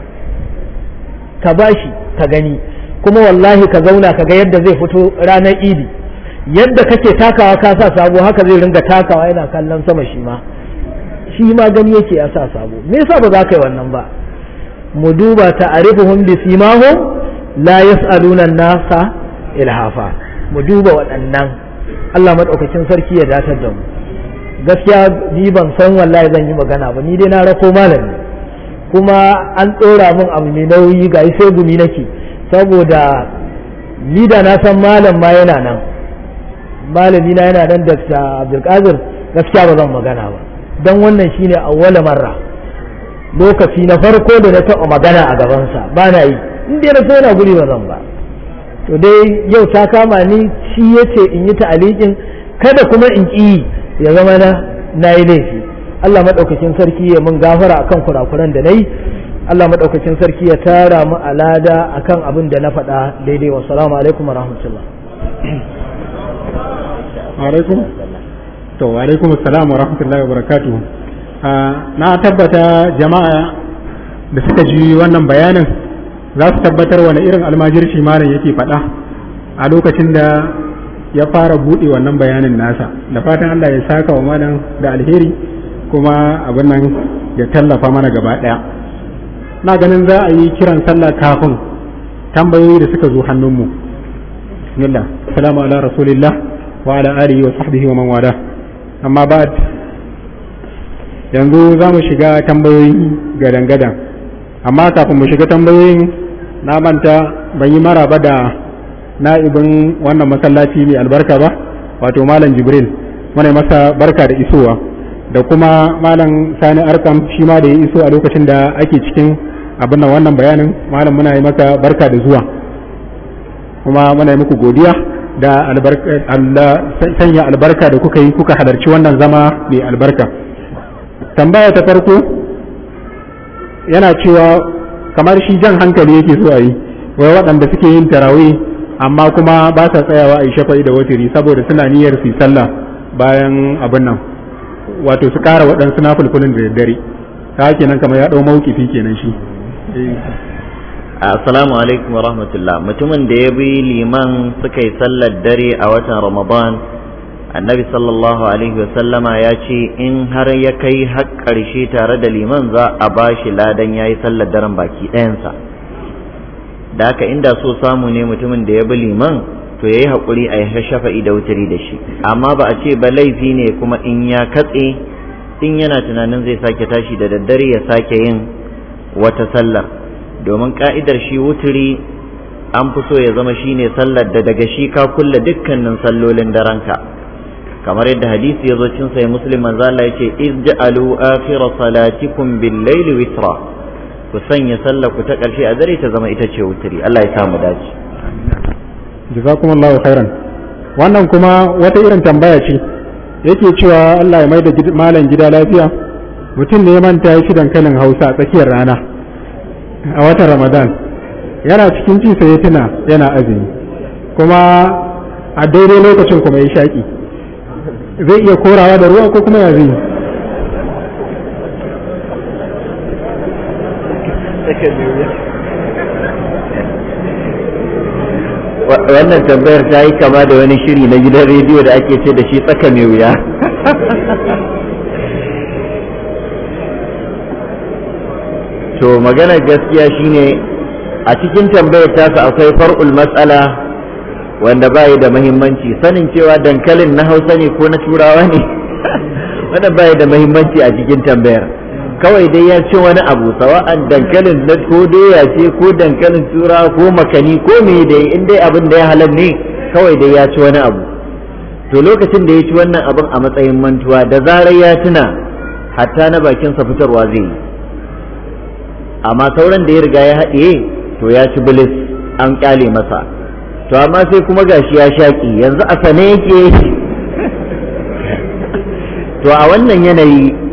ka bashi ka gani kuma wallahi ka zauna ka ga yadda zai fito ranar idi yadda kake takawa ka sa sabo haka zai ringa takawa yana kallon sama shi ma shi ma gani yake ya sa sabo me yasa ba za ka yi wannan ba mu duba ta arifuhum bi simahum la yas'aluna nasa ilhafa mu duba waɗannan Allah madaukakin sarki ya datar da mu gaskiya ni ban san wallahi zan yi magana ba ni dai na rako malami kuma an tsora min abu mai nauyi ga sai gumi nake saboda ni da na san malam ma yana nan malami na yana nan dr abdulkadir gaskiya ba zan magana ba don wannan shine awwala marra lokaci na farko da na taɓa magana a gabansa ba na yi in dai na yana guri ba zan ba to dai yau ta kama ni shi yace in yi ta'alikin kada kuma in ƙi ya zama na na yi laifi Allah maɗaukakin sarki ya mun gafara akan kurakuran da na yi Allah maɗaukakin sarki ya tara mu alada akan abin da na faɗa daidai wa salamu alaikum wa rahmatullah alaikum to alaikum assalamu wa rahmatullahi wa barakatuh ah, na tabbata jama'a da suka ji wannan bayanin za su tabbatar wani irin almajirci malam yake faɗa a lokacin da ya fara buɗe wannan bayanin nasa da fatan Allah ya saka wa malam da alheri kuma abin nan ya tallafa mana gaba ɗaya na ganin za a yi kiran sallah kafin tambayoyi da suka zo hannunmu bismillah salamu ala rasulillah wa ala alihi wa sahbihi wa man wada amma ba yanzu za mu shiga tambayoyi gadan gadan amma kafin mu shiga tambayoyin na manta ban yi maraba da na'ibin wannan masallaci mai albarka ba wato malam jibril muna masa barka da isowa da kuma malam sani arkam shi ma da ya iso a lokacin da ake cikin abin nan wannan bayanin malam muna yi masa barka da zuwa kuma muna yi muku godiya da sanya albarka da kuka yi kuka halarci wannan zama mai albarka tambaya ta farko yana cewa kamar shi jan hankali yake so a yi wai waɗanda suke yin tarawih amma kuma ba sa tsayawa a yi shafa'i da watiri saboda suna niyyar su sallah bayan abin nan wato su kara waɗansu na fulfulun da daddare ta nan kamar ya ɗau mawukifi kenan shi assalamu alaikum wa rahmatullah mutumin da ya bi liman suka yi sallar dare a watan ramadan annabi sallallahu alaihi wasallama ya ce in har ya kai har ƙarshe tare da liman za a ba shi ladan ya yi sallar daren baki ɗayansa da haka inda so samu ne mutumin da ya bi liman to yayi haƙuri a yi shafa'i da wuturi da shi amma ba a ce ba laifi ne kuma in ya katse in yana tunanin zai sake tashi da daddare ya sake yin wata sallar domin ka'idar shi wuturi an fi so ya zama shine sallar da daga shi ka kulle dukkanin sallolin daranka kamar yadda hadisi ya zo cin sai muslim manzo ce yace ij'alu akhir salatikum bil-layli witra ku sanya sallah ku ta ƙarshe a zare ta zama ita ce wuturi Allah ya samu dace jazakumullahu khairan wannan kuma wata irin tambaya ce yake cewa Allah ya da malam gida lafiya mutum ne ya manta ya ci dankalin Hausa a tsakiyar rana a watan Ramadan yana cikin ci sai tuna yana azumi kuma a daidai lokacin kuma ya shaki zai iya korawa da ruwa ko kuma ya zai biyu wannan tambayar ta yi kama da wani shiri na gidan rediyo da ake ce da shi tsaka mai wuya [LAUGHS] to maganar gaskiya shine a cikin tambayar tasa akwai far'ul matsala wanda bayi da mahimmanci sanin cewa dankalin na hausa ne ko na turawa ne [LAUGHS] wanda bayi da mahimmanci a cikin tambayar kawai dai ya ci wani abu sawa'an dankalin na ko doya ce ko dankalin tura ko makani ko me dai in dai abin da ya halar ne kawai dai ya ci wani abu to lokacin da ya ci wannan abin a matsayin mantuwa da zarar ya tuna hatta na bakin bakinsa fitarwa zai yi amma sauran da ya riga ya haɗiye to ya ci bilis an kyale masa to amma sai kuma gashi ya shaƙi yanzu a sane yake [LAUGHS] to a wannan yanayi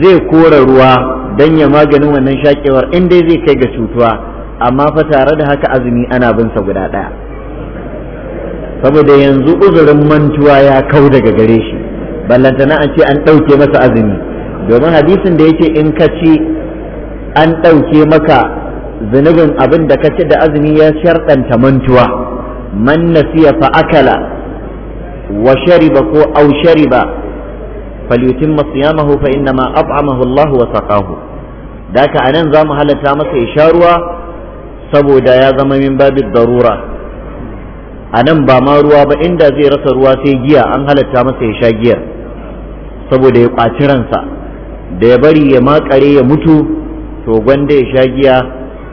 zai kora ruwa don ya maganin wannan shakewar inda zai kai ga cutuwa amma fa tare da haka azumi ana bin sa guda ɗaya saboda yanzu uzurin mantuwa ya kau daga gare shi ballantana an ce an ɗauke masa azumi domin hadisin da yake in ka ci an ɗauke maka zunubin abin da ka ci da azumi ya sharɗanta mantuwa man nasiya fa akala wa shariba ko au shariba falyutimma siyamahu fa innama at'amahu Allah wa saqahu daka anan zamu halatta masa ya sha ruwa saboda ya zama min babid darura anan ba ma ruwa ba inda zai rasa ruwa sai giya an halatta masa ya sha giyar saboda ya kwaci ransa da ya bari ya makare ya mutu to gwanda ya sha giya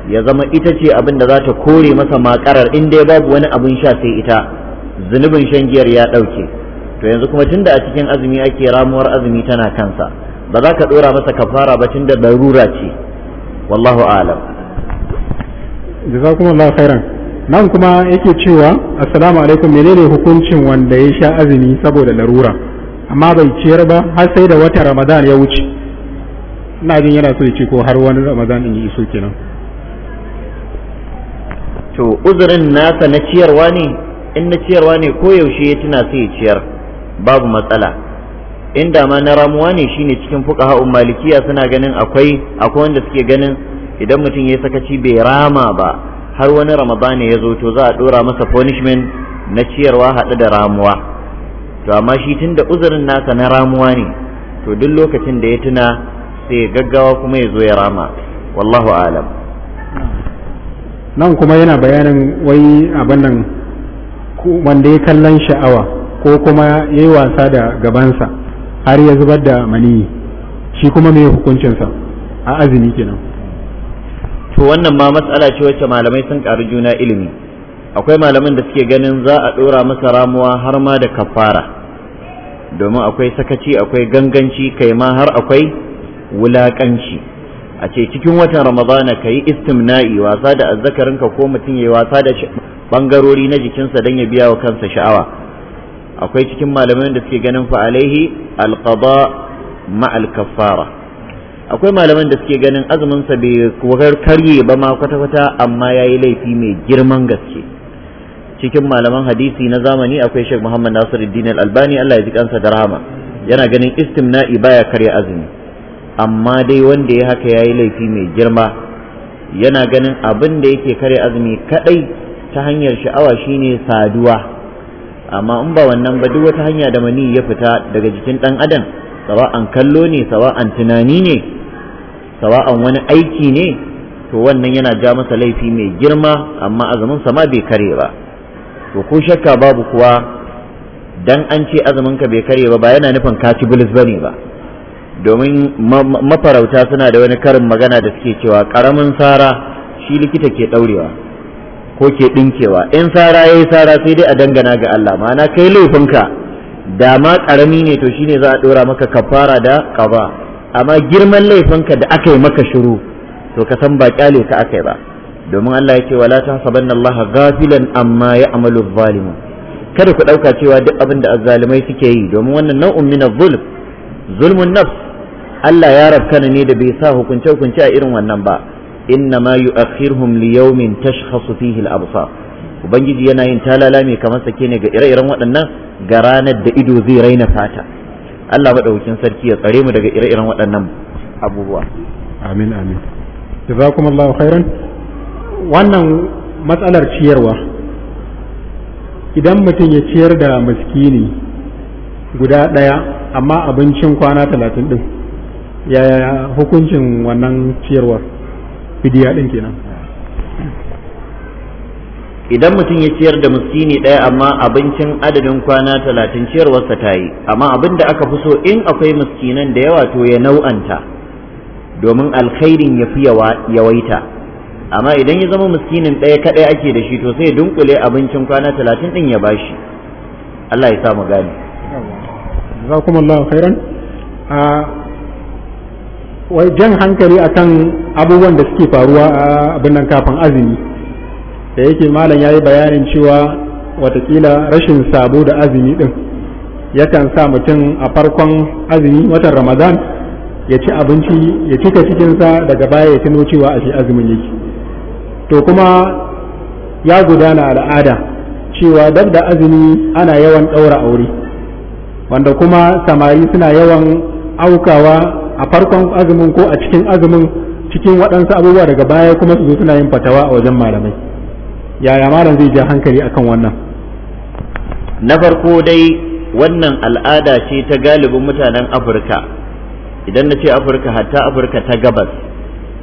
ya zama ita ce abin da za kore masa makarar inda ya babu wani abin sha sai ita zunubin shan giyar ya ɗauke to yanzu kuma tunda a cikin azumi ake ramuwar azumi tana kansa ba za ka dora masa kafara ba tunda darura ce wallahu alam Allah khairan nan kuma yake cewa assalamu alaikum menene hukuncin wanda ya sha azumi saboda larura amma bai ciyar ba har sai da wata ramadan ya wuce ina jin yana so ya ce ko har wani ramadan in yi iso kenan to uzurin nasa na ciyarwa ne in na ciyarwa ne ko yaushe ya tuna sai ya ciyar babu matsala inda ma na ramuwa ne shine cikin fuqaha'un malikiya suna ganin akwai akwai wanda suke ganin idan mutum ya sakaci bai rama ba har wani ramadana ya zo to za a dora masa punishment na ciyarwa haɗu da ramuwa to amma shi tunda uzurin nasa na ramuwa ne to duk lokacin da ya tuna sai gaggawa kuma ya zo ya rama wallahu alam nan kuma yana bayanin wai abin nan wanda ya kallon sha'awa ko kuma yayi wasa da gabansa har ya zubar da maniyi shi kuma mai hukuncinsa a azumi kenan to wannan ma matsala ce wacce malamai sun karu juna ilimi akwai malamin da suke ganin za a ɗora masa ramuwa har ma da kafara domin akwai sakaci akwai ganganci kai ma har akwai wulaƙanci a ce cikin watan ramadana ka yi istimna'i wasa da azzakarinka ko mutum ya wasa da ɓangarori na jikinsa don ya biya wa kansa sha'awa akwai cikin malamai da suke ganin fa alaihi alqada ma alkaffara akwai malaman da suke ganin azumin sa bai karye ba ma kwata kwata amma yayi laifi mai girman gaske cikin malaman hadisi na zamani akwai Sheikh Muhammad Nasiruddin Al-Albani Allah ya ji kansa da rahama yana ganin istimna'i baya karya azumi amma dai wanda ya haka yayi laifi mai girma yana ganin abin da yake karya azumi kadai ta hanyar sha'awa shine saduwa amma in ba wannan ba duk wata hanya da mani ya fita daga jikin ɗan adam sawa'an kallo ne sawa'an tunani ne sawa'an wani aiki ne to wannan yana ja masa laifi mai girma amma azumin ma bai kare ba to ko shakka babu kuwa dan an ce azumin ka bai kare ba ba yana nufin ka ci bilis bane ba domin mafarauta suna da wani karin magana da suke cewa karamin sara shi likita ke daurewa ko ke ɗinkewa in sara ya yi sara sai dai a dangana ga Allah ma'ana kai laifinka da ma ƙarami ne to shine za a ɗora maka kafara da ƙaba amma girman laifinka da aka yi maka shiru to ka san ba ƙyale ka aka yi ba domin Allah ya ce wala tahsabanna Allah gafilan amma ya'malu zalimun kada ku ɗauka cewa duk abin da azzalimai suke yi domin wannan nau'un min zulm zulmun nafs Allah ya rabkana ne da bai sa hukunce hukunce a irin wannan ba innama yu'akhirhum li yawmin tashkhasu fihi al-absar ubangiji yana yin talala mai kamar sake ne ga ire-iren waɗannan ga ranar da ido zai raina fata Allah maɗaukin sarki ya tsare mu daga ire-iren waɗannan abubuwa amin amin jazakumullahu khairan wannan matsalar ciyarwa idan mutum ya ciyar da miskini guda ɗaya amma abincin kwana talatin ɗin ya hukuncin wannan ciyarwar fidiya din kenan idan mutum ya ciyar da miskini ɗaya amma abincin adadin kwana talatin ciyarwarsa ta yi amma abin da aka fi so in akwai miskinan da yawa to ya nau'anta domin alkhairin ya fi yawaita amma idan ya zama miskinin ɗaya kaɗai ake da shi to sai ya dunkule abincin kwana talatin ɗin ya bashi Allah ya sa mu gane. khairan. Ah, wai jan hankali akan abubuwan da suke faruwa a abin nan kafin azumi da yake malam ya yi bayanin cewa watakila rashin sabo da azumi din yakan sa mutum a farkon azumi watan ramadan ya ci abinci ya cika cikinsa daga baya ya tuno cewa a shi azumin yake to kuma ya gudana al'ada cewa dab da azumi ana yawan ɗaura aure wanda kuma samari suna yawan aukawa a farkon azumin ko a cikin azumin cikin waɗansu abubuwa daga baya kuma su zo suna yin fatawa a wajen malamai yaya malam zai ja hankali akan wannan na farko dai wannan al'ada ce ta galibin mutanen afirka idan na ce afirka hatta afirka ta gabas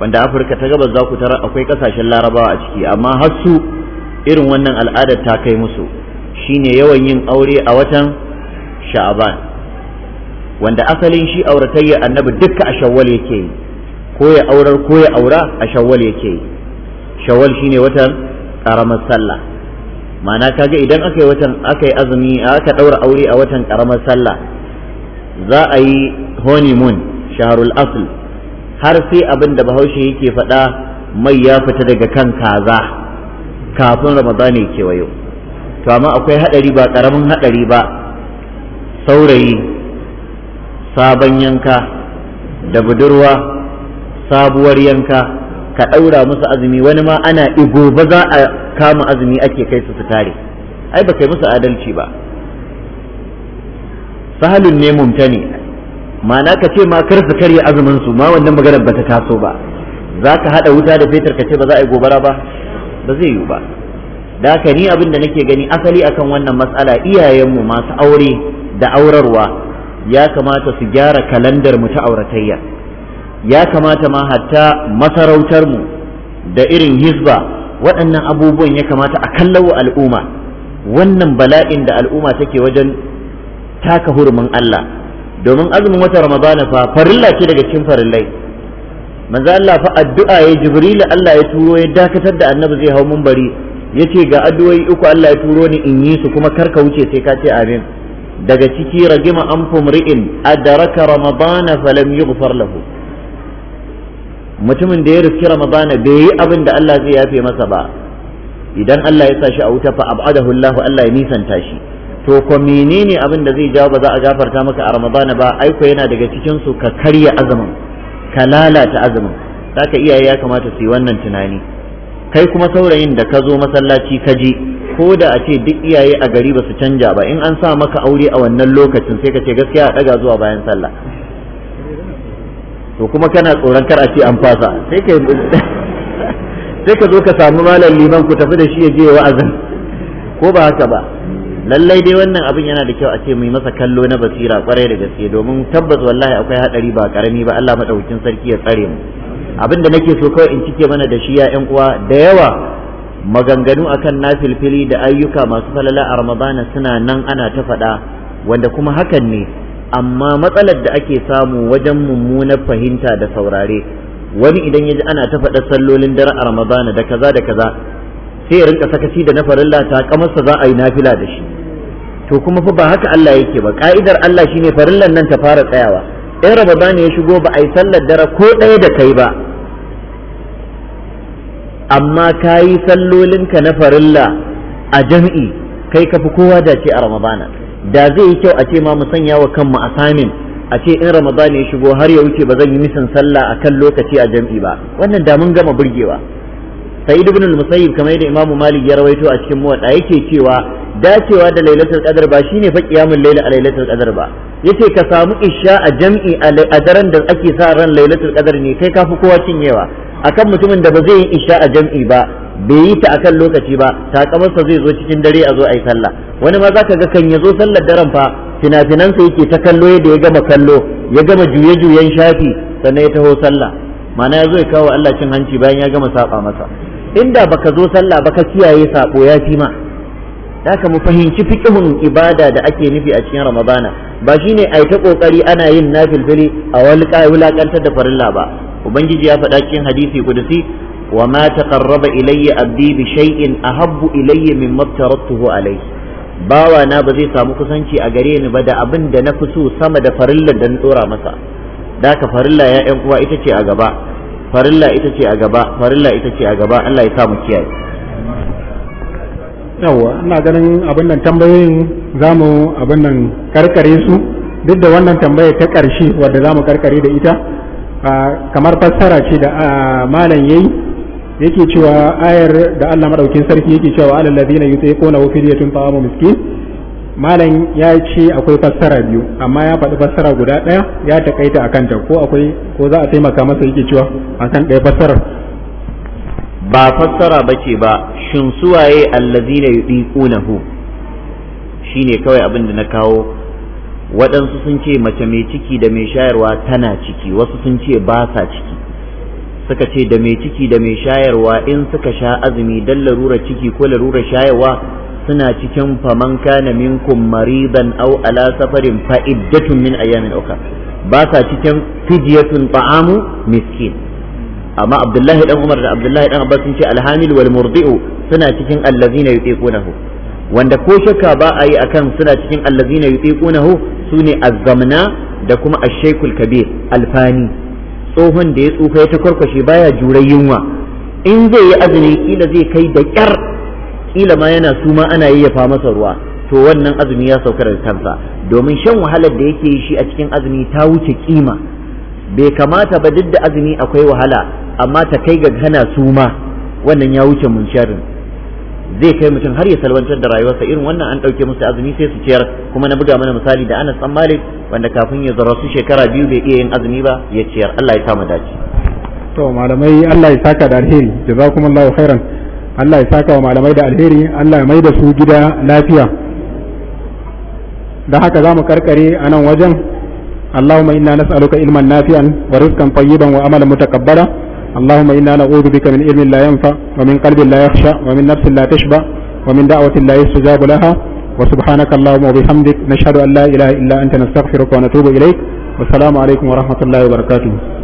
wanda afirka ta gabas za ku tara akwai kasashen larabawa a ciki amma har su irin wannan al'adar ta kai musu shine yawan yin aure a watan sha'aban wanda asalin shi auratayya annabi dukka a shawwal yake yi ko ya aurar ko ya aura a shawwal yake yi shawwal shine watan karamar sallah ma'ana kaga idan aka yi watan aka yi azumi aka daura aure a watan karamar sallah za a yi honeymoon shaharul asl har sai abin da bahaushe yake faɗa mai ya fita daga kan kaza kafin ramadani kewayo to amma akwai haɗari ba ƙaramin haɗari ba saurayi sabon yanka da budurwa sabuwar yanka ka ɗaura musu azumi wani ma ana igo ba za a kama azumi ake kai su su tare ai ba kai musu adalci ba sahalin ne ne ma'ana ka ce ma kar su karya azumin su ma wannan maganar ba ta taso ba za ka haɗa wuta da fetur ka ce ba za a yi gobara ba ba zai yiwu ba da ka ni abin da nake gani asali akan wannan matsala iyayenmu masu aure da aurarwa ya kamata su gyara kalandar mu ta auratayya ya kamata ma hatta masarautar mu da irin hizba waɗannan abubuwan ya kamata a wa al'umma wannan bala'in da al'umma take wajen taka hurumin Allah domin azumin wata ramadana fa farilla ce daga cikin farillai manzo Allah fa addu'a ya jibril Allah ya turo ya dakatar da annabi zai hau bari yace ga addu'o'i uku Allah ya turo ni in yi su kuma karka wuce sai ka ce amin daga ciki ragima an fumri'in adraka ramadana falam yughfar lahu mutumin da ya riski ramadana bai yi abin da Allah zai yafe masa ba idan Allah ya sa shi a wuta fa ab'adahu Allah Allah ya nisanta shi to ko menene abin da zai jawo ba za a gafarta maka a ramadana ba aiko yana daga cikin su ka karya azumin ka lalata azumin saka iyaye ya kamata su yi wannan tunani kai kuma saurayin da ka zo masallaci ka je ko da a ce duk iyaye a gari ba su canja ba in an sa maka aure a wannan lokacin sai ka ce gaskiya a ɗaga zuwa bayan sallah to kuma kana tsoron kar a ce an fasa sai ka [LAUGHS] sai ka zo ka samu malam liman ku tafi da shi ya je wa'azin ko ba haka ba lallai dai wannan abin yana da kyau a ce mai masa kallo na basira kwarai da gaske domin tabbas wallahi akwai hadari ba karami ba Allah madaukakin sarki ya tsare mu abin da nake so kawai in cike mana da shi ya uwa da yawa maganganu akan nafilfili da ayyuka masu falala a ramadana suna nan ana ta faɗa wanda kuma hakan ne amma matsalar da ake samu wajen mummunar fahimta da saurare wani idan ya ji ana ta faɗa sallolin dare a ramadana da kaza da kaza sai ya rinka sakaci da na farilla ta kamarsa za a yi nafila da shi to kuma fa ba haka Allah yake ba ka'idar Allah shine farillan nan ta fara tsayawa in ramadana ya shigo ba a yi sallar dare ko ɗaya da kai ba amma ka yi sallolinka na farilla a jam'i kai ka fi kowa dace a ramadana da zai yi kyau a ce ma mu sanya wa kanmu asamin a ce in ramadana ya shigo har ya wuce ba zan yi misan sallah a kan lokaci a jam'i ba wannan da mun gama burgewa sai ibn al-musayyib kamar yadda imamu malik ya rawaito a cikin muwadda yake cewa dacewa da lailatul qadar ba shine fa qiyamul layl a lailatul qadar ba yace ka samu isha a jam'i a daren da ake sa ran lailatul qadar ne kai ka fi kowa cinyewa akan mutumin da ba zai yi isha a jam'i ba bai yi ta akan lokaci ba takamarsa zai zo cikin dare a zo a yi sallah wani ma zaka ga kan ya zo sallar daren fa fina-finansa yake ta kallo yadda ya gama kallo ya gama juye-juyen shafi sannan ya taho sallah ma'ana ya zo ya kawo Allah cin hanci bayan ya gama saba masa inda baka zo sallah baka kiyaye saɓo ya fi ma haka mu fahimci fiqhun ibada da ake nufi a cikin ramadana ba shine ai ta kokari ana yin fili a wani wulakantar da farilla ba ubangiji ya faɗa cikin hadisi kudusi wa ma taqarraba ilayya abdi bi shay'in ahabbu ilayya mimma tarattuhu alayhi bawa na ba zai samu kusanci a gare ni ba da abin da na kusu sama da farilla da na tsora masa da ka farilla ya yan uwa ita ce a gaba farilla ita ce a gaba farilla ita ce a gaba Allah ya samu kiyaye yawa ina ganin abin nan tambayoyin zamu abin nan karkare su duk da wannan tambaya ta ƙarshe wadda zamu karkare da ita kamar fassara ce da malam yayi yake cewa ayar da Allah madaukin sarki yake cewa alal ladina yutiquna fidyatun ta'amu miskin malam ya ce akwai fassara biyu amma ya faɗi fassara guda ɗaya ya takaita akan ta ko akwai ko za a taimaka masa yake cewa akan ɗaya fassara. ba fassara bace ba shin suwaye allazina hu shine kawai abin da na kawo waɗansu sun ce mace mai ciki da mai shayarwa tana ciki wasu sun ce ba sa ciki suka ce da mai ciki da mai shayarwa in suka sha azumi dan larurar ciki ko larurar shayarwa suna cikin faman kana minkum maridan aw ala safarin fa iddatun min ayamin uka ba sa cikin fidyatun ta'amu miskin amma abdullahi dan umar da abdullahi dan abbas sun ce alhamil wal murdi'u suna cikin allazina yutiqunahu wanda ko shakka ba a yi a kan suna cikin allazina su sune azamna da kuma ashekul kabir alfani tsohon da ya tsufa ya ta kwarkwashe baya jure yunwa in zai yi azumi kila zai kai da ƙyar kila ma yana suma ana yi yayyafa masa ruwa to wannan azumi ya saukar da kansa domin shan wahalar da yake yi shi a cikin azumi ta wuce kima bai kamata ba duk da azumi akwai wahala amma ta kai ga hana suma wannan ya wuce mun sharin zai kai mutum har ya salwantar da rayuwarsa irin wannan an ɗauke musu azumi sai su ciyar kuma na buga mana misali da Anas dan Malik wanda kafin ya zara su shekara biyu bai iya yin azumi ba ya ciyar Allah ya samu dace to malamai Allah ya saka da alheri jazakumullahu khairan Allah ya saka wa malamai da alheri Allah ya maida su gida lafiya da haka za mu karkare a nan wajen ilman إنا نسألك علما نافعا ورزقا طيبا وعملا متقبلا اللهم إنا نعوذ بك من علم لا ينفع ومن قلب لا يخشى ومن نفس لا تشبع ومن دعوة لا يستجاب لها وسبحانك اللهم وبحمدك نشهد أن لا إله إلا أنت نستغفرك ونتوب إليك والسلام عليكم ورحمة الله وبركاته